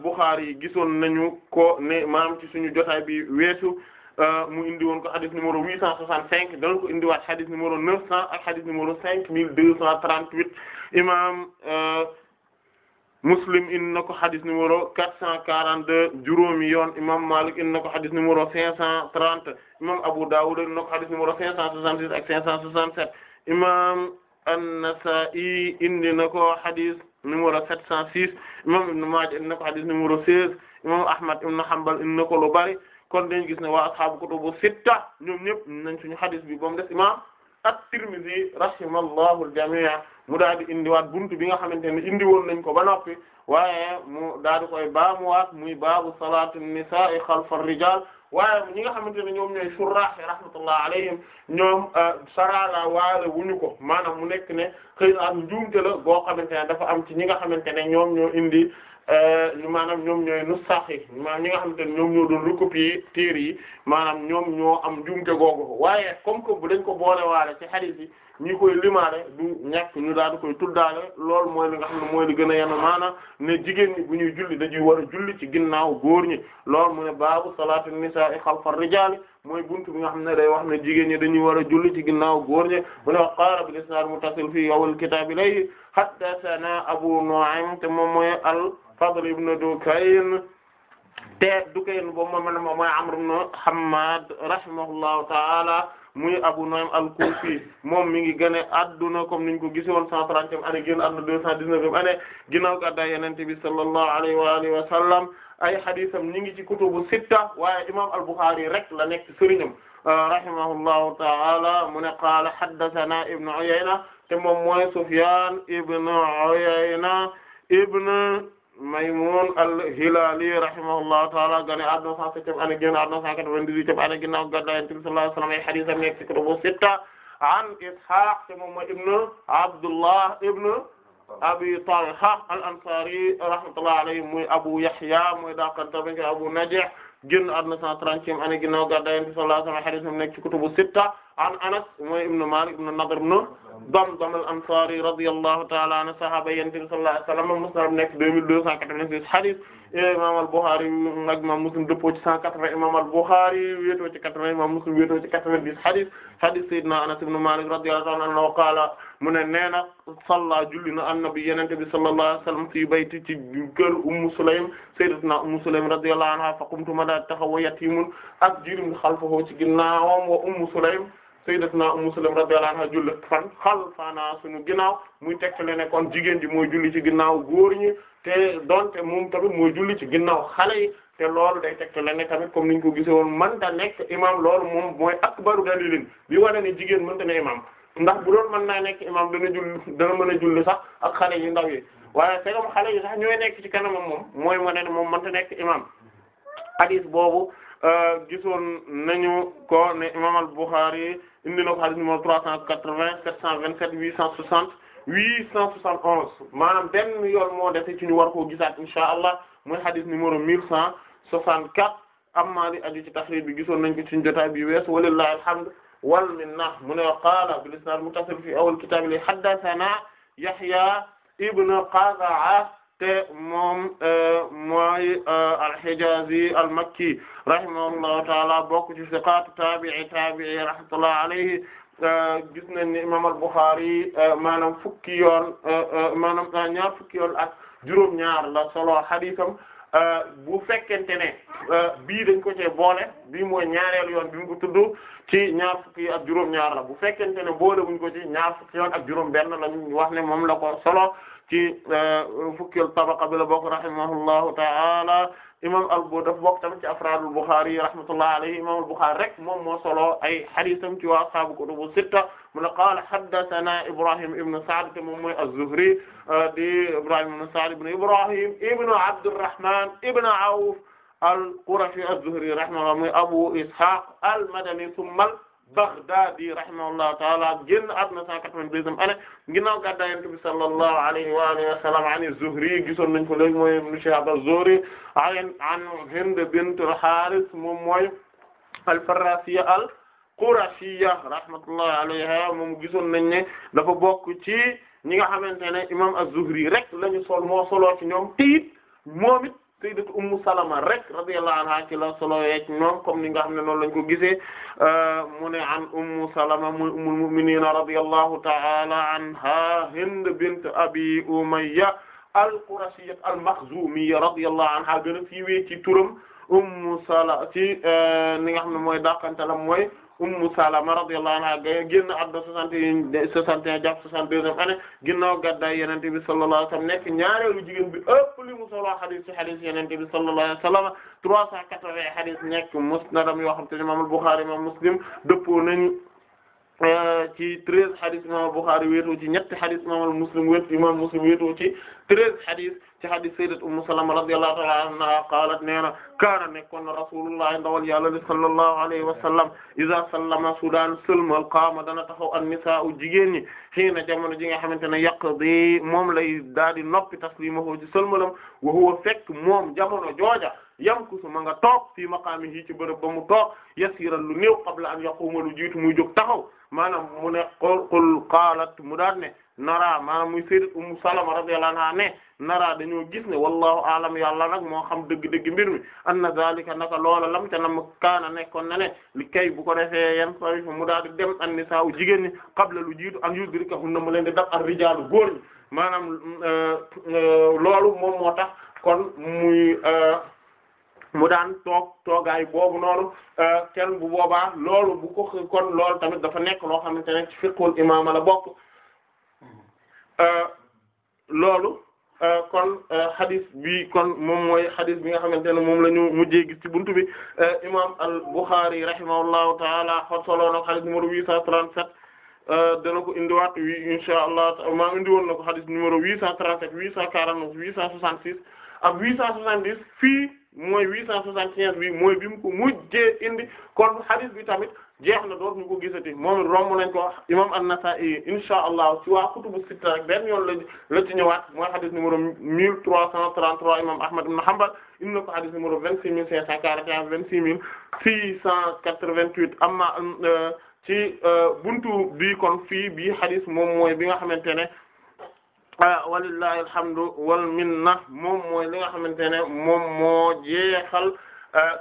Bukhari gisoon nañu ko ne maam ci suñu jotaay bi weesu Euh, mu indi woon ko xadis numéro 865 dal ko indiwaat xadis numéro 900 ak xadis numéro 5238 imam euh, Muslim indi na ko xadis numéro 442 juróomi yoon imam Malik indi na ko xadis numéro 530 imam Abu Dawud indi na ko xadis numéro 566 ak 567 imam an indi na ko xadis numéro 706 imam Ibn Majah indi na ko xadis numéro 16 imam Ahmad ibn Hanbal indi na ko lu bari kon dañ gis ne waa ashaabu kutubu sitta ñoom ñëpp nañ suñu hadith bi ba mu des imam at-Tirmidhi rahimallahu al-jami'a mu daal di indiwaat buntu bi nga xamante ne indi woon nañ ko ba noppi waaye mu daal di koy baamuwaat muy baabu salaatu nisaa'i xalfa rijaal waaye ñi nga xamante ne ñoom ñooy surraax rahmatullah alayhim ñoom euh, sarala waale wuñu ko maanaam mu nekk ne xëy na am njuumte la boo xamante ne dafa am ci ñi nga xamante ne ñoom ñoo indi Euh, maanaam ñoom ñooy nusxaax yi maanaam ñi nga xamante ne ñoom ñoo doon recopier téere yi maanaam ñoom ñoo am njuumte googu waaye comme que bu dañ ko boole waale ci hadith yi ñi koy limaale du ñàkk ñu daal di koy tuddaale loolu mooy li nga xam ne mooy li gën a yenu maanaam ne jigéen ñi bu ñuy julli dañuy war a julli ci ginnaaw góor ñi loolu mu ne baabu salaatu nisaa'i xalfa rijaali mooy buntu bi nga xam ne day wax ne jigéen ñi dañuy war a julli ci ginnaaw góor ñi bu ne wax qaala bil isnaad muttasil fii yawal kitaabi lay haddasana te moom mooy al Fadl ibn Dukayn te Dukayn boobu moom man mooy Amr ibn Hammad rahimahullahu ta'ala muy Abu Nu'aym al-Kufi moom mi ngi gane adduna comme niñ ko gisoon 130e année génn adduna 219e année ginnaaw gàddaay Yonent bi ay hadisam ñi ngi ci kutubu sitta waaye imam al-Bukhari rek la nekk sëriñam rahimahullahu ta'ala mu ne qaala haddathana ibn Uyayna te moom mooy Sufyan ibn Uyayna ibn Maymun al-Hilali rahimahullahu ta'ala gane àdduna 107 ani génn àdduna 198 ani ginnaaw gàddaay Yonent bi sallallahu alayhi wa sallam ay hadiisam nekk ci kutubu sitta an Ishaq te moom mooy ibn Abdullah ibn Abi Talha al-Ansari rahmatullahi alayhi muy Abu Yahya muy dàqanta bi Abu Najih génn àdduna 130 ani ginnaaw gàddaay Yonent bi sallallahu alayhi wa sallam ay hadiisam nekk ci kutubu sitta an Anas mooy ibn Malik ibn Nadr ibn Damdam al-Ansari radiyallahu ta'ala anhu sahaaba Yonent bi sallallahu alayhi wa sallam Musnad nekk 2286 hadith eh, imam al-Bukhari ak imam Muslim dëppoo ci 180 imam al-Bukhari wéetoo ci 80 imam Muslim wéetoo ci 90 hadith hadith Sayyidina Anas ibn Malik radiyallahu anhu qaala mu ne nee na salla julli na an-nabi Yonent bi sallallahu alayhi wa sallam fii bayti ci kër Ummu Sulaym Sayyidatuna Ummu Sulaym radiyallahu anha fa qumtu ma daa taxaw wa yatimun ak jirim xalfahu ci ginnaawam wa Ummu Sulaym sayyidatuna Ummu Salam radiyallahu anha julli fan xalfanaa suñu ginnaaw muy tekkale ne kon jigéen ji mooy julli ci ginnaaw góor ñi te donte moom tamit mooy julli ci ginnaaw xale yi te lool day tekkale ne tamit comme niñ ko gisee woon man da nekk imam loolu moom mooy akbaru dalilin bi wane ne jigéen mënta ne imam ndax bu doon mën naa nekk imam dana jull dana mën a julli sax ak xale yu ndaw yi waaye segam xale yi sax ñooy nekk ci kanamam moom mooy wane ne moom mënta nekk imam hadith boobu euh, gisoon nañu ko ne imam al indi na ko xadis numéro 380 727 860 871 maanaam benn yoon moo dese ci ñu war koo gisaat inshaa Allah mooy xadis numéro 1164 amma li aju ci taxrib bi gisoon nañ ko ci jotaay bi wees walillahi alhamd wal minna mu ne qaala bil isnaad muttasil fi awwal kitaab li haddathana Yahya ibn Qaza'a te moom e, mooy e, al-Hijazi al-Makki rahimahullahu ta'ala bokk ci siqaat taabi'i taabi'i e, gis nañ ni imaam al-Bukhari maanaam fukki yoon maanaam ñaar fukki yoon ak juróom-ñaar la solo xadiisam bu fekkente ne bii dañ ko cee boole bii mooy ñaareel yoon bi mu tudd ci ñaar fukki ak juróom-ñaar la bu fekkente ne boole buñ ko ci ñaar fukki yoon ak juróom-benn lañ wax ne moom la ko solo. ci eh, fukkeel tabaqa bi la bokk rahimahullahu ta'ala imam albo daf bokk tamit ci afraadul Bukhari yi rahmatullahi alayhi imam al-Bukhari rek moom moo solo ay hadiisam ci waa ashaabu kutubu sitta mu ne qaala haddathana Ibrahim ibn Sa'd te moom mooy az-Zuhri eh, di Ibrahim ibn Sa'd ibn Ibrahim ibn Abdurrahman ibn Awf al-Qurashi az-Zuhri rahimahullah mooy Abu Ishaq al-Madani thumma Baghdadi rahimahullahu taala génn àdduna 182e année ginnaaw gàddaay Yonent bi sallallahu alayhi wa alihi wa sallam an az-Zuhri gisoon nañ ko léegi mooy Ibn Shihab az-Zuhri an an Hind bint al-Harith moom mooy al-Farrasiyya al-Qurashiyya rahmatullahi alayha moom gisoon nañ ne dafa bokk ci ñi nga xamante ne imam az-Zuhri rek la ñu sol moo soloo ci ñoom tiit moom it sayyidatu ummu salama rek radiyallahu anha ci la solo yeeg ñoom comme ni nga xam ne noonu lañ ko gisee euh, mu ne an ummu salama mu ummul mu'minina radiyallahu ta'ala anha hind bint abi umayya al-qurashiyya al-makhzumiyya radiyallahu anha gën a siiwee ci turam ummu sala ci euh, ni nga xam ne mooy dàqantalam mooy ummu salama radiyallahu anha génn àdduna soixante et un soixante et un jàpp soixante-deuxième année ginnaaw gàddaay yonent bi sallallahu alayhi wa nekk ñaareelu jigéen bi ëpp li mu solo xadis ci xadis yonent bi sallallahu trois cent quatre-vingts nekk musnadam yoo xam te ne imaam Bukhari imaam Muslim dëppoo nañu euh, ci treize xadis imaam Bukhari wéetoo ci ñetti xadis imaam Muslim Muslim wéetoo ci treize xadis ci hadis sayyidat ummu salama radiyallahu ta'ala anha qaalat nee na kaana nekkoon na rasulullah ndawal yàlla li sallallahu alayhi wa sallam iza sallama su daan sëlmal qaama dana taxaw an nisaa'u jigéen ñi xii na jamono ji nga xamante ne yaqdi moom lay daal di noppi taslimahu ci sëlmalam wa huwa fekk moom jamono jooja yamkusu ma nga toog fii maqaamihi ci bërëb ba mu toog yasiran lu néew qabla an yaquuma lu jiitu muy jóg taxaw maanaam mu ne qul qaalat mu daan nara maanaam muy sayyidat ummu salama radiyallahu anha ne nara dañoo gis ne wallahu alam yàlla nag moo xam dëgg-dëgg mbir mi anna zalika naka loola lam te nam kaana nekkoon na ne li kay bu ko defee yan sari fa mu daal di dem an nisaa u jigéen ñi qabla lu jiitu an yudrikahunna mu leen di daf ar rijaalu góor ñi maanaam euh, euh, loolu moom moo tax kon muy euh, mu daan toog toogaay boobu noonu kenn bu boobaa loolu bu ko kon loolu tamit dafa nekk loo xamante ne ci fiqhul imaam la bokk Euh, loolu euh, kon xadis euh, bi kon moom mooy xadis bi nga xamante ne moom la ñu mujjee gis ci buntu bi imam al-Bukhari rahimahullahu taala xosaloon no xadis numéro 837 dana ko indiwaat wi insha allah maa indi woon na ko xadis numéro 837 849 866 ak 870 fii mooy 875 bi mooy bi mu ko mujjee indi kon xadis bi tamit. jeex na door ñu ko gisati moom it romb nañ ko imam an-Nasa'i insha allah ci waa kutubu sitta rek benn yoon la la ci ñëwaat mooy xadis numéro 1333 imam Ahmad ibn Hanbal indi na ko xadis numéro 26541 26688 amma euh, ci euh, buntu bii kon fii bii xadis moom mooy bi nga xamante ne euh, walillahi alhamdu wal minna moom mooy li nga xamante ne moom moo jeexal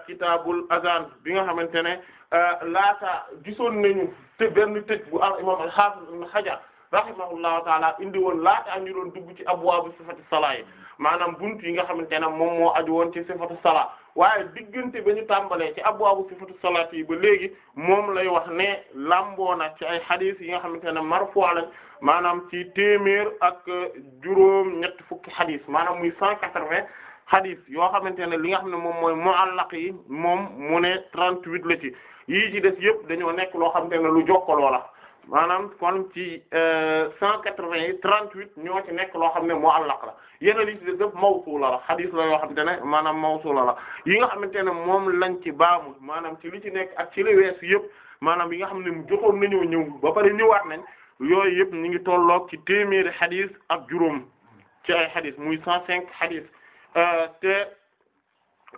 kitaabul azaan bi nga xamante ne Euh, laata gisoon nañu te benn tëj bu al imam al-Hafiz ibn Hajar rahimahullahu taala indi woon laata ñu doon dugg ci abwaabu sifatu salaa yi maanaam bunt yi nga xamante ne moom moo aju woon ci sifatu salaa waaye diggante ba ñu tàmbalee ci abwaabu sifatu salaat ti ba léegi moom lay wax ne lamboo na ci ay xadiis yi nga xamante ne marfu lañ maanaam ci téeméer ak juróom ñetti fukki xadiis maanaam muy cent quatre-vingts xadiis yoo xamante ne li nga xam ne moom mooy muallaq yi moom mu ne trente-huit la yii ci des yëpp dañoo nekk loo xam te ne lu jokkaloo la maanaam kon ci euh, cent quatre-vingt yi huit ñoo ci nekk loo xam ne mu'allaq la yeneen yi ci des yëpp mawsuula la xadiis la yoo xam te ne maanaam mawsuula la yi nga xamante ne moom lañ ci baamu maanaam ci li ci nekk ak ci li wees yëpp maanaam yi nga xam ne mu jotoon nañoo ñëw ba pare ñëwaat nañ yooyu yëpp ñu ngi tolloog ci téeméeri xadis ak juróom ci ay xadis muy cent cinq xadis euh, te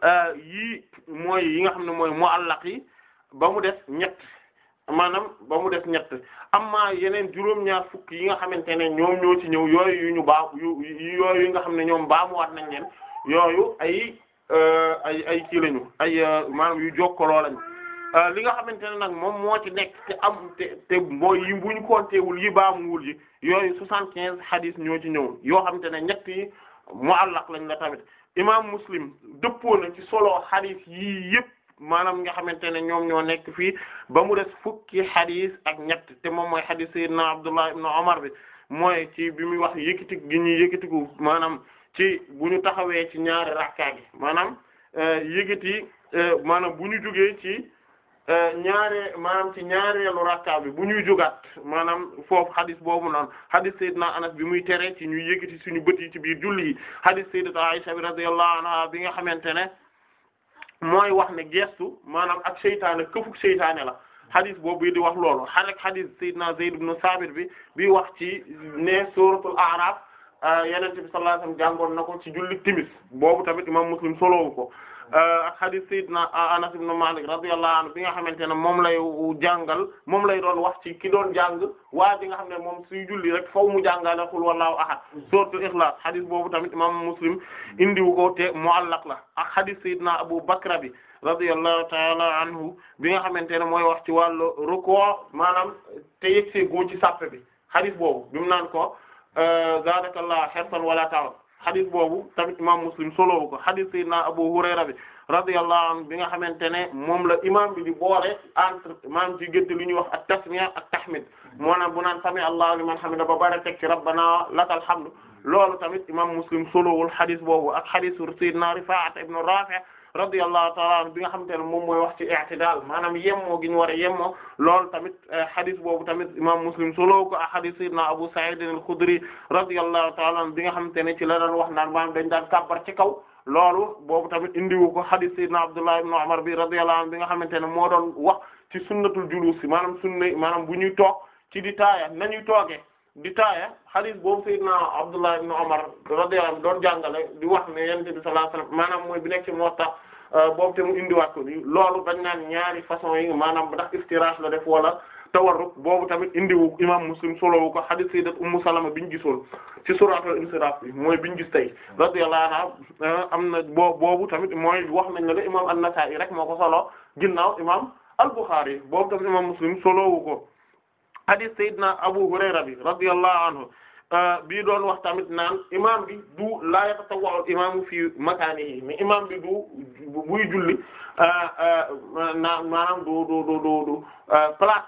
euh, yii mooy yi nga xam ne mooy mu'allaq yi ba mu def ñett maanaam ba mu def ñett amma yeneen juróom-ñaar fukk yi nga xamante ne ñoom ñoo ci ñëw yooyu yu ñu baa yu yooyu yi nga xam ne ñoom baamuwaat nañ leen yooyu ay euh, ay ay kii lañu ay euh, maanaam yu jokkaloo lañu euh, li nga xamante ne nag moom moo ci nekk te am te te yi bu ñu compter wul yi baamuwul yi yooyu soixante-quinze hadith ñoo ci ñëw yoo xamante ne ñett yi mu'allaq lañ la tamit imam muslim dëppoo na ci solo hadith yi yëpp. maanaam nga xamante ne ñoom ñoo nekk fi ba mu des fukki xadis ak ñett te moom mooy xadis sayyidina Abdullah ibn Umar bi mooy ci bi muy wax yëkkati gi ñuy yëkkatiku maanaam ci bu ñu taxawee ci ñaari rakkaa gi maanaam euh, yëkkati euh, maanaam bu ñu jógee ci euh, ñaare maanaam ci ñaareelu rakkaa bi bu ñuy jógaat maanaam foofu xadis boobu noonu xadis sayyidina Anas bi muy tere ci ñuy yëkkati suñu bët yi ci biir julli yi xadis sayyidatu Aisha bi radiyallahu anha bi nga xamante ne mooy wax ne gestu maanaam ak seytaane këfuk seytaane la hadith boobu bii di wax loolu xarek hadith sayyidina Zayd ibn Sabit bi bi wax ci ne suratul A'raf ah, yenente bi sallallahu alayhi wasallam jàngoon na ko ci julli timis boobu tamit imam Muslim soloowu ko ak hadith sayyidina Anas ibn Malik radiyallahu anhu bi nga xamante ne moom lay jàngal moom lay doon wax ci ki jàng waa bi nga xam ne moom si julli rek faw mu jàngale qul wallahu ahad suratul ikhlas hadith boobu tamit imam Muslim indiwu ko te mu'allaq la ak hadith sayyidina Abu Bakra bi radiyallahu ta'ala anhu bi nga xamante ne mooy wax ci wàllu ruku' maanaam te yegg see góor ci sàppe bi hadith boobu bi mu naan ko zaadakallahu hirsan wala ta'ud xadis boobu tamit imam muslim soloobu ko xadis sayyidina abu hurayra bi radiyallahu anhu bi nga xamante ne moom la imam bi di boole entre maam ci génte lu ñuy wax ak tasmiya ak tahmid moo naam bu naan sami allahu liman hamida ba bara tekki rabbana lakal hamdu loolu tamit imam muslim solowul xadis boobu ak xadisu sayyidina rifa'at ibn rafi' radiyallahu ta'ala anhu bi nga xamante ne moom mooy wax ci i'tidaal maanaam yemmoo gi ñu war a yemmoo loolu tamit hadith eh, boobu tamit imam Muslim solo ko ak hadith sayyidina Abu Sa'id al-Khudri radiyallahu ta'ala anhu bi nga xamante ne ci la daan wax naan maanaam dañ daan kàbbar ci kaw loolu boobu tamit indiwu ko hadith sayyidina Abdullah ibn Umar bi radiyallahu anhu bi nga xamante ne moo doon wax ci sunnatul juluus maanaam sunna maanaam bu ñu toog ci di taaya nañuy toogee di taaya xadis boobu Seydina Abdullah ibn Umar radiyallahu anhu doon jàngale di wax ne yonent bi sallallahu alayhi wasallam maanaam mooy bi nekk ci Muwatta euh, boobu te mu indiwaat ko loolu dañ naan ñaari façon yi maanaam ndax iftiraash la def wala tawarruk boobu tamit indiwu imam Muslim solowu ko hadith sayyidat bi mooy biñu gis tey radiyallahu anha euh, am na boo boobu tamit mooy wax nañ ne la imam An-Nasa'i moo ko solo ginnaaw imam Al-Bukhari boobu tamit imam Muslim solowu ko hadith sayyidina Abu Hurayra bi radiyallahu anhu Ah, bii doon wax tamit naan imaam bi du laa yatatawwa'u imaamu fii makaanihi mais imaam bi du buy julli ah, ah, naa maanaam du du du du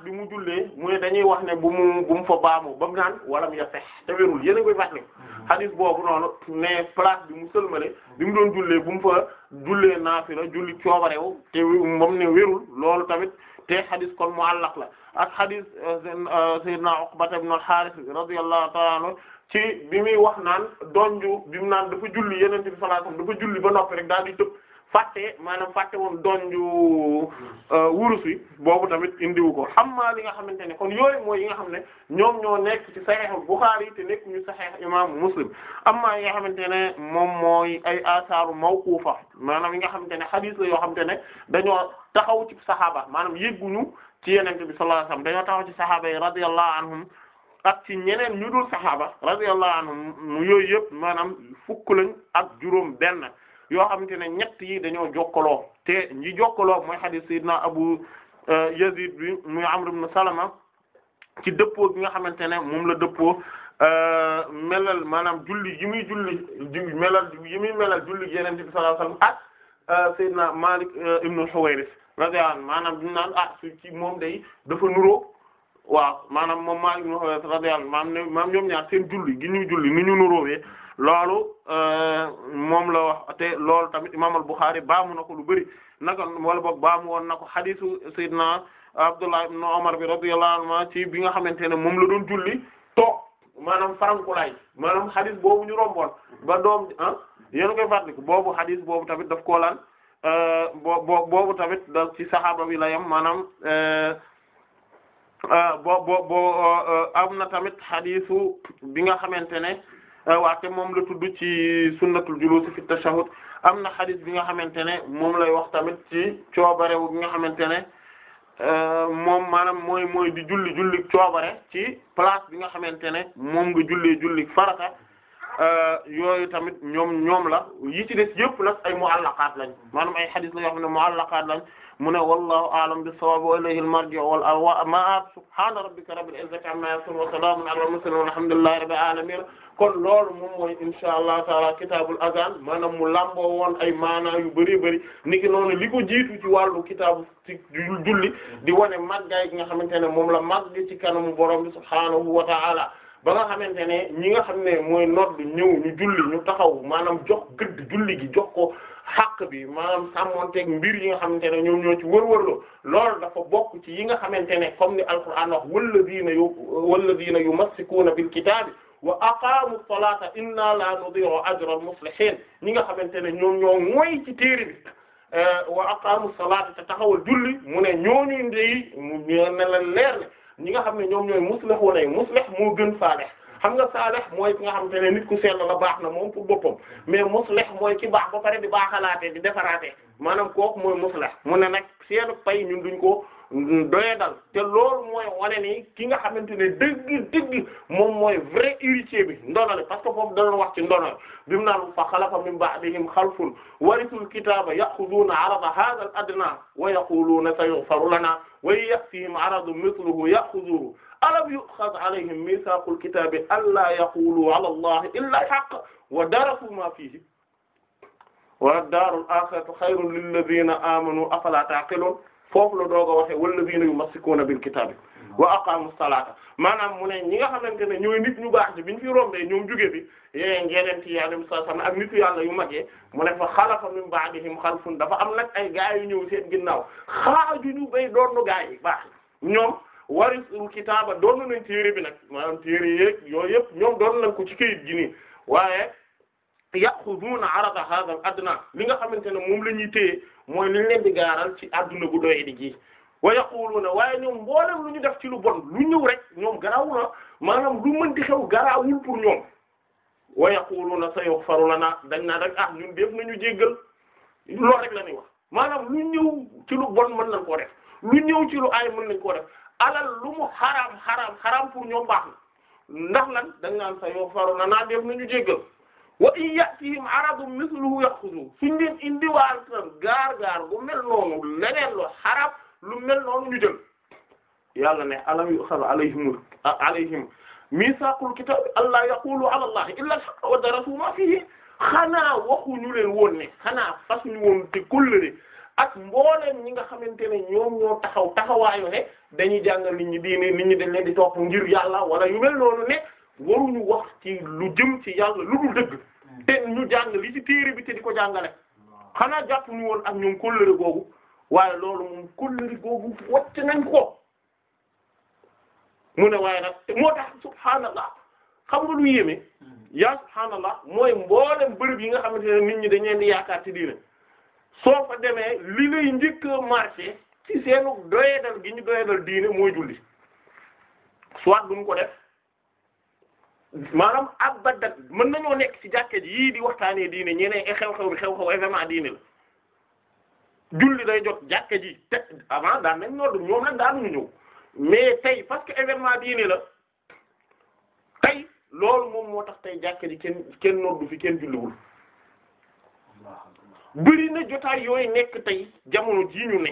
bi mu jullee mu ne dañuy wax ne bu mu fa baamu ba mu naan wala mu yasih te wérul yéen koy wax ne hadith boobu noonu ne place bi mu sëlmale bi mu doon jullee bu mu fa jullee naafila julli coobarew te moom ne wérul loolu tamit te hadith kon mu'allaq la. ak hadith euh, sayyidina euh, Uqbata ibn al-Harith radiyallahu ta'ala ci bi muy wax naan donju bi mu naan dafa julli yeneen bi sallallahu alayhi dafa julli ba noppi rek daal di tëb fàtte maanaam fàtte woon donju euh, wurus wi boobu tamit indiwu ko xam maa li nga xamante ne kon yooyu mooy yi nga xam ne ñoom ñoo nekk ci Sahih Bukhari te nekk ñu Sahih imaamu Muslim amma yi nga xamante ne moom mooy ay asaaru mawqufa maanaam yi nga xamante ne hadith la yoo xamante ne dañoo taxaw ci maanaam yegguñu ci yenente bi sallallahu alayhi wasallam dañoo taxaw ci sahaaba yi radiyallahu anhum ak ci ñeneen ñu dul sahaaba radiyallahu anhum mu yooyu yëpp maanaam fukk lañ ak juróom benn yoo xam ne ñett yi dañoo jokkaloo te ñi jokkaloo mooy hadith sayyidina abu euh, yazid bi muy amr ibn salama ci dëppoo bi nga xamante ne moom la dëppoo euh, melal maanaam julli yi muy julli melal yi muy melal julli yenente bi sallallahu alayhi wasallam ak euh, sayyidina malik ibn al radiyallahu anhu maanaam duñu naan ah su ci moom day dafa nuróo waaw maanaam moom maa ibn Huwayras radiyallahu anhu maam ne maam ñoom ñaar seen julli gi ñu julli ni ñu nuróowee loolu euh, moom la wax te lool tamit imaam al-Bukhari baamu na ko lu bëri naka wala boog baamu woon na ko hadiisu Seydina Abdullah ibn Umar bi radiyallahu anhu ci bi nga xamante ne moom la doon julli toog maanaam farankulaay maanaam hadith boobu ñu romboon ba doom ah yéen a koy fàttaliku boobu hadith boobu tamit daf koo Euh, boo boobu tamit da ci saxaaba bi la yem maanaam euh, euh, bo bo bo am na tamit xadisu bi nga xamante ne waate moom la tudd ci sunnatul julus fi tashahhud am na xadis bi nga xamante ne moom lay wax tamit ci coobarewu bi nga xamante ne moom maanaam mooy mooy di julli julli coobare ci place bi nga xamante ne moom nga juli julli farata Euh, yooyu tamit ñoom ñoom la yi des yëpp nag ay muallaqaat lañ maanaam ay xadis la yoo xam muallaqaat lañ mu ne wallahu a'lam bis-sawab wa ilayhi al-marji' wal ma'a subhana rabbika rabbil izzati amma yasifun wa salamun ala al-mursalin walhamdulillahi rabbil alamin kon lool moom mooy insha allah taala kitaabul azan maanaam mu lamboo woon ay maana yu bëri bëri niki noonu li ko jiitu ci wàllu kitaabu ci julli di wone màggaay yi nga xamante ne moom la màgg ci kanamu borom bi subhaanahu wa ba nga xamante ne ñi nga xam ne mooy nodd ñëw ñu julli ñu taxaw maanaam jox gëdd julli gi jox ko xàq bi maanaam sàmmonteeg mbir yi nga xamante ne ñoom ñoo ci wërwërloo loolu dafa bokk ci yi nga xamante ne comme ni alquran wax walladina yu walladina yumassikuna bil kitaabi wa aqaamu salata inna la nudi'u ajra al muslihin ñi nga xamante ne ñoom ñoo moy ci téere bi eh, wa aqaamu salata te taxawal julli mu ne ñooñu ndey mu ne leer ne ni nga xam ne ñoom ñooy muslih wala muslih moo gën saalih xam nga saalih mooy ki nga xam te nit ku sell la baax na moom pour boppam mais muslih mooy ki baax ba pare di baaxalaate di defaraate maanam kooku mooy muslih mu ne nag seenu pay ñun duñ ko doyadal te loolu mooy wane ni ki nga xamante ne dëgg dëgg moom mooy vrai héritier bi ndonale parce que foofu danoon wax ci ndonal bi mu naan fa xalafa min ba'dihim xalfun warisul kitaaba yaxuduuna arada hada al adna wa yaquluuna sa yughfaru lana wa ya'tihim aradu mithluhu yaxuduhu alam yu'xad alayhim mithaqul kitaabi allaa yaqulu ala allahi illa al-haqq wa darasu ma fiihi wa daarul aaxiratu xayrun lilladina amanu afala taqilun foofu la doog a waxee wallaziina yumsikuuna bil kitaabi wa aqaamu salaata maanaam mu ne ñi nga xamante ne ñooy nit ñu baax ci biñ fi ñoom jóge fi yéen ngeeneen ci yàlla ak nitu yàlla yu magee mu ne fa xalafa min ba'dihim xalfun dafa am nag ay gaa yu ñëw seen ginnaaw xaajuñu bay doonu gaa yi baax ñoom warisul kitaaba doon nañ téere bi nag maanaam téere yeeg yooyu yëpp ñoom doon nañ ko ci kayit gi waaye ya'xuduuna arada haadal adnaa li nga xamante ne moom la ñuy téye mooy li leen di gaaral ci adduna bu doy di jii ji wa yaquluuna waaye ñoom mboolem lu ñu def ci lu bon lu ñëw rek ñoom garaawu la ah, maanaam lu mën di xew garaawul pour ñoom wa yaquluuna sayughfaru lana dañ naa rek ah ñun def nañu jéggal loolu rek la na wax maanaam lu ñëw ci lu bon mën nañ koo def lu ñëw ci lu aay mën nañ koo def alal lu mu xaraam xaraam xaraam pour ñoom baax na ndax lan dañ naan sayughfaru lana def nañu jéggal wa in yatihim aradun mithluhu yaxudu suñ leen indiwaal gaar gaar bu noonu leneen lu xarab lu mel noonu ñu jël yàlla ne alam yu'khadhu alayhim alayhim mithaqul kitab allah yaqulu ala illa al wa darasu ma fihi xanaa waxuñu leen woon ne xanaa fasuñu woon te kullale ak mbooleem ñi nga xamante ne ñoom ñoo taxaw taxawaayu ne dañuy jàngal ni ñi diine nit ñi dañ leen di topp ngir yàlla wala yu mel noonu ne waruñu wax ci lu jëm ci yàlla lu dul dëgg hmm. te ñu jàng li ci téere bi te di ko jàngale hmm. xanaa jàpp ñu woon ak ñoom kóllëre googu waaye loolu moom kóllëre googu wàcc nañ ko mu ne waaye nag moo tax subhaanallah xam nga lu yéeme hmm. yaa subhaanallah mooy mboolem bërëb yi nga xamante ne nit ñi dañ leen di yaakaar ci diine soo fa demee li lay njëkk a marché ci seenu doyedal gi ñu doyedal diine mooy julli soit duñ ko def maanaam abadat mën nañoo nekk ci jàkka ji yii di waxtaanee diine ñeneen ay xew-xew bi xew-xew événement diine la julli day jot jàkka ji te avant daan nañ noddu ñoom nag daanuñu ñëw mais tey parce que événement diine la tey loolu moom moo tax tey jàkka ji kenn kenn noddu fi kenn julliwul bëri na jotaay yooyu nekk tey jamono jii ñu ne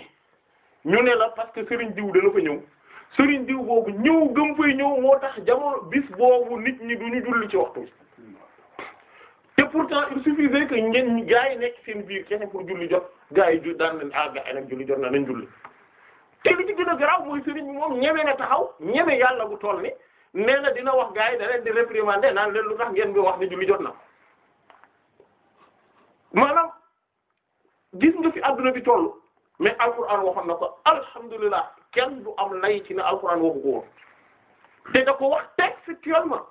ñu ne la parce que sëriñ diw dana fa ñëw sëriñ diw boobu ñëw gëm ñëw moo tax jamono bis boobu nit ñi duñu julli ci waxtu te pourtant il suffisait que ngeen gaa yi nekk seen biir kese pour julli jot gaa yi daan nañ ah gaa yi julli jot na nañ julli te lu ci gën garaaw mooy sëriñ bi moom ñeme na taxaw ñeme yàlla bu toll ni nee na dina wax gaa yi da leen di réprimander naan leen lu tax ngeen bi wax ni julli jot na maanaam gis nga fi adduna bi toll mais alxuraan waxoon na ko alhamdulilah kenn du am lay ci ne alxuraan waxu ko wax te fekk yoon wax textuellement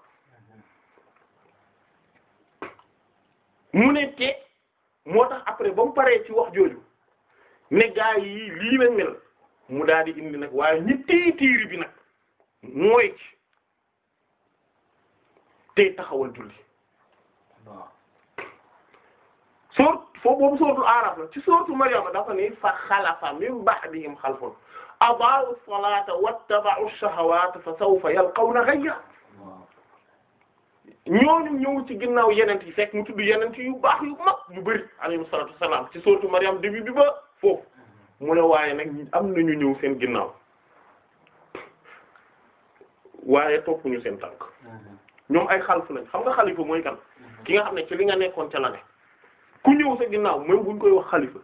mu ne moo tax après ba mu paree ci wax jooju ne gaa yi lii la mel mu daal indi nag waaye ñi tiitiiri bi nag mooy ci taxawal julli waaw soor foo boobu sootu aarab la ci sootu a dafa ni fa xalafa min ba'dihim xalfun a salaata wattaba'u shahawaati fa sawfa yalqawna ghayya ñooñu ñëw ci ginnaaw yeneen yi fekk mu tudd yeneen yu baax yu mag yu bëri alayhi salaatu wassalaam ci sourate Maryam début bi ba foofu mu ne waaye nag am na ñu ñëw seen ginnaaw waaye toppuñu seen tànk ñoom ay xalfu lañ xam nga xalifa mooy kan ki nga xam ne ci li nga nekkoon ca ku ñëw sa ginnaaw même buñ koy wax xalifa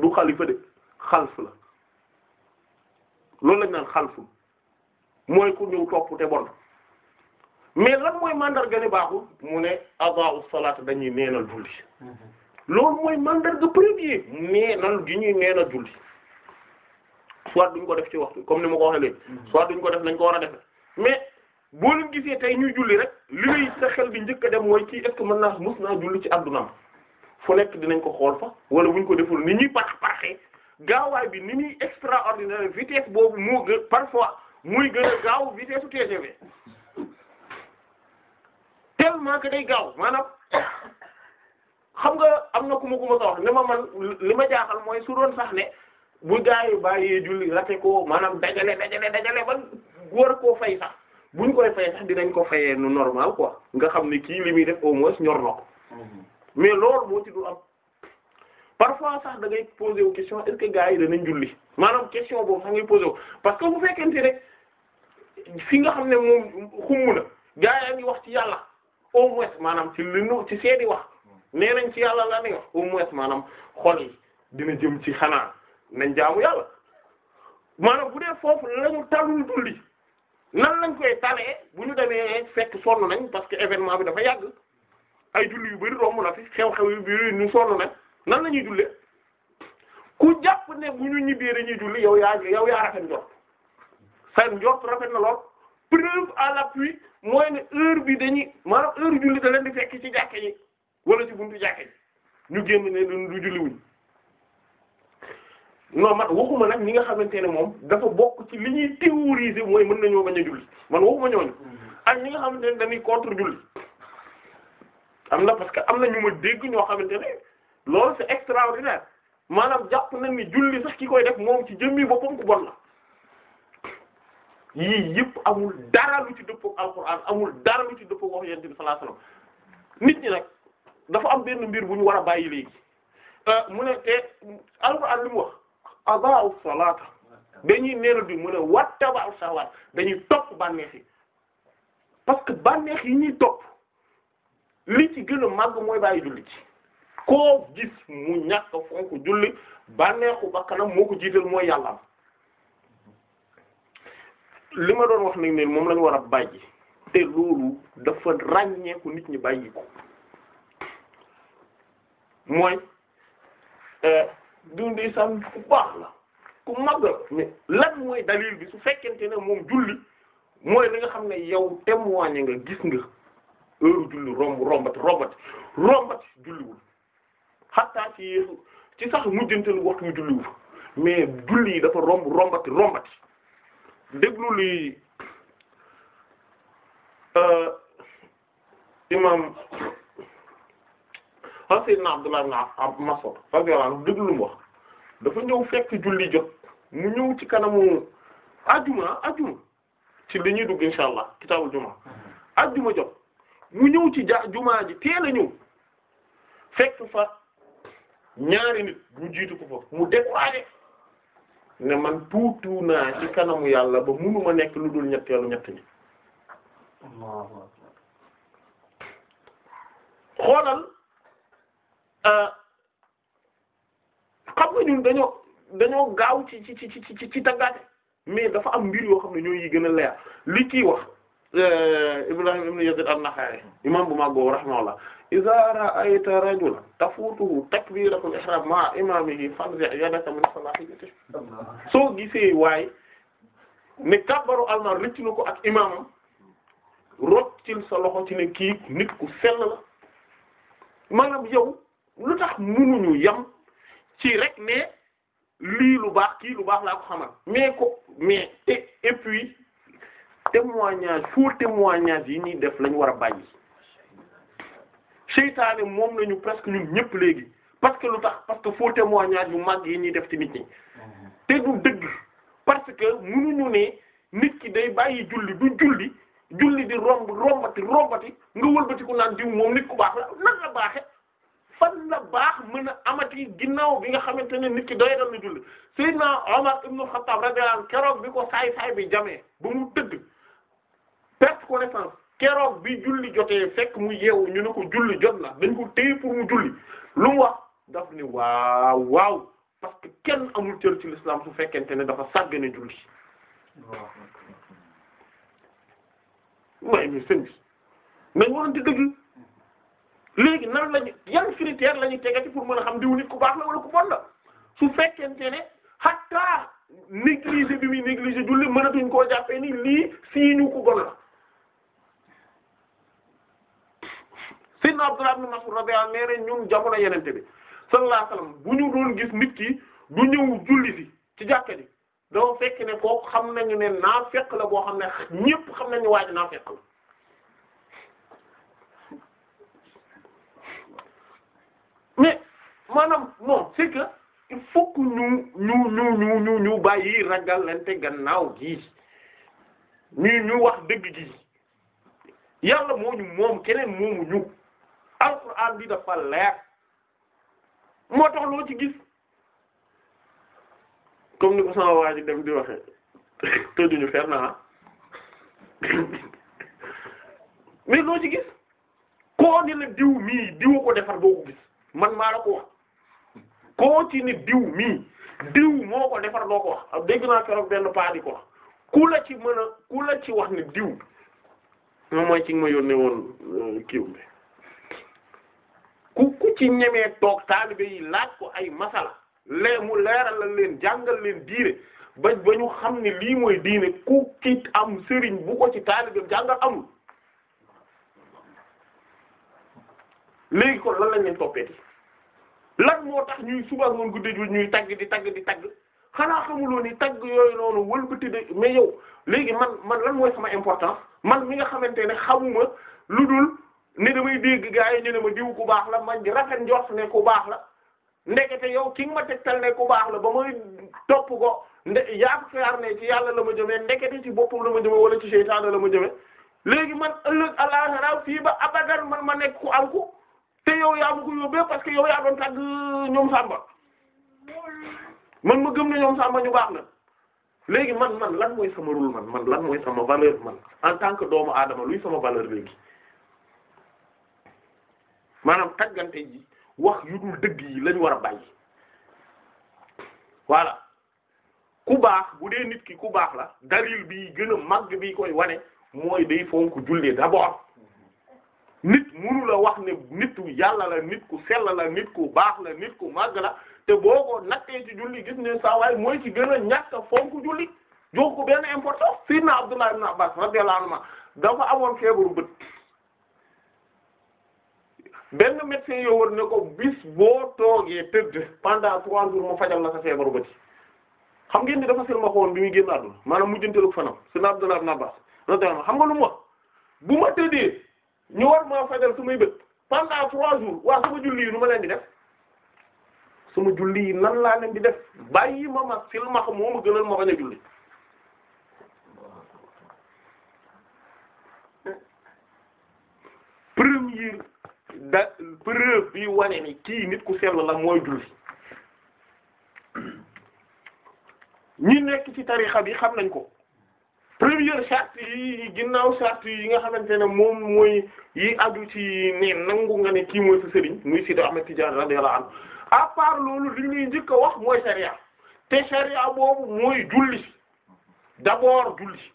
du xalifa de xalf la loolu lañ naan xalfu mooy ku ñëw topp te bon mais lan mooy mandarga ne baaxul mu ne adaa'u salaat dañuy neenal julli loolu mooy mandarga premier neenal gi ñuy neenal julli soit duñ ko def ci waxtu comme ni ma ko waxee léegi mm-hmm. soit duñ ko def nañ ko war a def mais boo leen gisee tey ñuy julli rek xel bi njëkk dem mooy kii est mën naa mës naa julli ci addunaam fu nekk dinañ ko xool fa wala buñ ko deful ni ñuy pax paxee gaawaay bi ni muy extraordinaire vitesse boobu moo gën parfois muy gën a gaaw vitesse u TGV tellement que day gaaw maanaam xam nga am na ku ma ku ma wax li ma man li ma jaaxal mooy su doon sax ne bu gaayi bàyyee julli rate ko maanaam dajale dajale dajale ba war koo fay sax buñ koy fay sax dinañ ko fayee nu normal quoi nga xam ne kii li muy def au moins ñor na mhm. mais loolu moo ci dul am parfois sax da ngay poser wu question est-ce que gars yi danañ julli maanaam question boobu sax ngay poser parce que bu fekkente ne fi nga xam ne moom xumm na gars yi wax ci yàlla au moins maanaam ci li ñu ci seedi wax nee nañ ci yàlla laa ni wax au moins maanaam xol yi dina jëm ci xanaa nañ jaamu yàlla maanaam bu dee foofu lañu talul julli nan lañ koy talee bu ñu demee fekk sonn nañ parce que événement bi dafa yàgg ay julli yu bari romb na xew-xew yu bari ñu sonn nañ nan la ñuy jullee ku jàpp ne bu ñu ñibbee dañuy julli yow yaa yow yaa rafet njort seen njort rafet na lool preuve à l'appui mooy ne heure bi dañuy maanaam heure julli da leen di fekk ci jàkke yi wala ci buntu jàkke yi ñu génn ne du julli wuñ non man waxuma nag ñi nga xamante ne moom dafa bokk ci li ñuy théoriser mooy mën nañoo bañ a julli man waxuma ñooñu ak ñi nga xamante ne dañuy contre julli am na parce que am na ñu ma dégg ñoo xamante ne loolu c'est extraordinaire maanaam jàpp nañ ni julli sax ki koy def moom ci jëmmi boppam ku bon yi yii yëpp amul dara lu ci dëppoo ak amul dara lu ci dëppoo wax yonent bi sallallahu nit ñi nag dafa am benn mbir bu ñu war a bàyyi léegi euh, mu ne te alquran li mu wax aba'u salata dañuy neena di mu ne wattaba'u shahawat dañuy topp bànneex yi parce que bànneex yi ñuy topp li ci gën a màgg mooy bàyyi julli ci koo gis mu ñàkk fonk julli bànneexu bakkanam moo ko jiital mooy yàlla am li ma doon wax nag ne moom la war a bàyyi te loolu dafa ràññeeku nit ñi bàyyi mooy euh, dundi sam ku baax la ku mag la mais mooy dalil bi su fekkente ne moom julli mooy li nga xam ne yow témoigné nga gis nga heure julli romb rombati rombati julliwul xattaa ci yéesu ci sax mujjanteelu waxtu wi julliwul mais julli yi dafa romb rombati rombati déglu li euh, imam xa saydna Abdullah ibn Mas'ud radiyallahu anhu déglu lu mu wax dafa ñëw fekk julli jot mu ñëw ci kanamu ajuma ajuma ci li ñuy dugg insha allah kitaabul juma ajuma jot mu ñëw ci ja jumaa ji teel ñëw fekk fa ñaari nit mu jiitu ko fa mu découragé ne man tuutu naa ci kanamu yàlla ba munuma nekk lu dul ñetteelu ñett ñi xoolal euh, xam nga ñun dañoo dañoo gaaw ci ci ci ci ci taggaate mais dafa am mbir yoo xam ne ñoo yi gën a leer li kii wax Eh, Ibrahim ibn Yazid an-Nakha'i imam bu mag boobu rahimahullah iza ra'ayta rajulan tafutuhu takbiratul ihram ma'a imamihi fanzi' yadaka min salahiyatihi soo gisee waaye ne kabbaru alman rëcc na ko ak imaamam roccil sa ci ne kii nit ku sell la maanaam lu tax munuñu yam ci rek ne lii lu baax kii lu baax laa ko xamal mais ko mais et témoignage faux témoignage yi nii def lañ war a bàyyi seytaane moom nañu presque ñun ñëpp léegi parce que lu tax parce que faux témoignage yu mag yi ñuy def ci nit ñi te du dëgg parce que mënuñu ne nit ki day bàyyi julli du julli julli di romb rombati rombati nga wëlbatiku naan diw moom nit ku baax la nan la baaxe fan la baax mën a amati ginnaaw bi nga xamante ne nit ki doyadal na julli Seydina Omar ibn Khattab radiyallahu anhu keroog bi ko saay saay bi jamee ba perte connaissance keroog bi julli jotee fekk mu yeewu ñu ne ko julli jot na dañ ko téye pour mu julli lu mu wax daf ni waaw waaw parce que kenn amul cër ci l'islam su fekkente ne dafa sàggane julli waaye mi sën bi nañ warante dëgg léegi nan lañu yan critère la ñuy tegati pour mën a xam diw nit ku baax la wala ku bon la su fekkente ne hatta négligé bi muy julli mënatuñ koo jàppee ni lii sii ñu ku bon la naa Abdullah ibn Mas'ud radiyallahu anhu nee ñun jamono yenente bi sallallahu bu ñu doon gis nit ki du ñëw julli si ci jàkka ji doo fekk ne kooku xam nañu ne naafeq la boo xam ne ñépp xam nañu waaj naafeq la mais maanaam non c'est que il faut que ñu ñu ñu ñu ñu ñu bàyyi ragalante gannaaw gii ñu ñu wax dëgg gi yàlla moo ñu moom keneen moomu ñu alxuraan bi dafa leer moo tax loo ci gis comme ni ko sama waa dem di waxe tëjuñu fer naa ah. mais loo ci gis koo ni la diw mii diw ko defar doo ko man maa la ko wax ci ni diw mii diw moo ko defar doo ko wax ab dégg naa keroog benn paa di ko ku la ci mën a ku la ci wax ni diw moom mooy ci nga ma yónnee woon euh, kiiw bi ku ku ci ñemee toog taalibe yi laaj ko ay masala lee mu leeral la leen jàngal leen diine ba ba ñu xam ne lii mooy diine ku ci am sëriñ bu ko ci taalibe jàngal amul léegi kon lan lañ leen toppeeti lan moo tax ñuy suba woon guddee ju ñuy tagg di tagg di tagg xanaa xamuloo yi tagg yooyu noonu wëlbati de mais yow léegi man man lan mooy sama important man mi nga xamante ne xamuma lu dul ne damay dégg gaa yi ñu ne ma diw ku baax la man rafet njort ne ku baax la ndekete yow ki nga ma tegtal ne ku baax la ba muy topp ko nde yaakaar ne ci yàlla la ma jëmee ndekete ci boppam la ma jëmee wala ci seytaane la ma jëmee léegi man ëllëg àllaxira fii ba abadan man ma nekk ku am ko te yow yaa ku ko yóbbee parce que yow yaa doon tàgg ñoom Samba man ma gëm ne ñoom Samba ñu baax na léegi man man lan mooy sama rôle man man lan mooy sama man en tant que doomu aadama luy sama léegi. maanaam taggante ji wax yu dul dëgg yi lañu war a bàyyi voilà ku baax bu dee nit ki ku baax la dalil bi gën a màgg bi koy wane mooy day fonk julli d'abord nit munu la wax ne nitu yàlla la nit ku sell la nit ku baax la nit ku màgg la te boo ko nattee ci julli gis ne saa mooy ci gën a ñàkk a fonk julli jox ko benn importance. Sayyidina Abdullah ibn Abbas radiyallahu anhu dafa amoon feebaru bët. benn médecin yoo ne ko bis boo toogee tëdd pendant trois jours mu fajal la sa feebaru bët xam ngeen ni dafa silma xoon bi muy génn àdduna maanaam mujjanteelu fanam sena Abdullah ibn Abbas radiyallahu xam nga lu ma wax bu ma tëddee ñu war maa fajal su may bët pendant trois jours waa sama julli yi nu ma leen di def sama julli yi nan laa leen di def bàyyi ma ma silma xam moo ma gënal ma bañ a julli premier da preuve bi wane ni kii nit ku sell la mooy julli ñi nekk ci tarixa bi xam nañ ko première charte yi ginnaaw charte yi nga xamante ne moom mooy yi aju ci ne nangu nga ne kii mooy sa sëriñ muy Sidi Ahmed Tidiane radiyallahu anhu à part loolu li ñuy njëkk a wax mooy sharia te sharia boobu mooy julli d'abord julli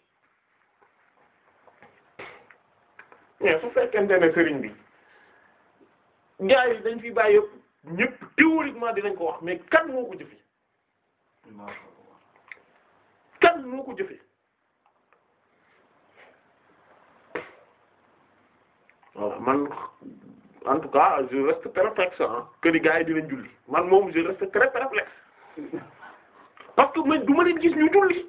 mais su fekkente ne sëriñ bi gars yi dañ fi bàyyi yëpp ñëpp théoriquement dinañ ko wax mais kan moo ko jëfee kan moo ko jëfe voilà man en tout cas je reste perplexe ah que ni gars yi dinañ julli man moom je reste très perplexe parce que man du ma gis ñu julli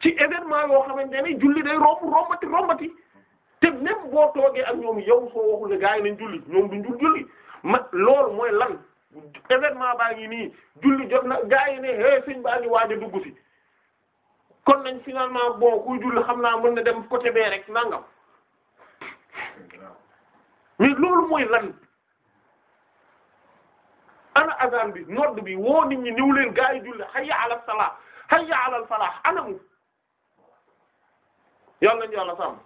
ci événement yoo xamante ne julli day rombati rombati. te même boo toogee ak ñoom yow soo waxul ne julli ñoom duñ jul julli ma lool mooy lan événement baa ngi nii julli jot na gaa yi ne hé suñ baa ngi waaj kon nañ finalement bon kuy julli xam naa mën na dem côté bee rek nangam mais loolu mooy lan ana azan bi nodd bi woo nit ñi niw leen gaa yi julli hayya ala salah hayya ala falah anamu yàlla nañu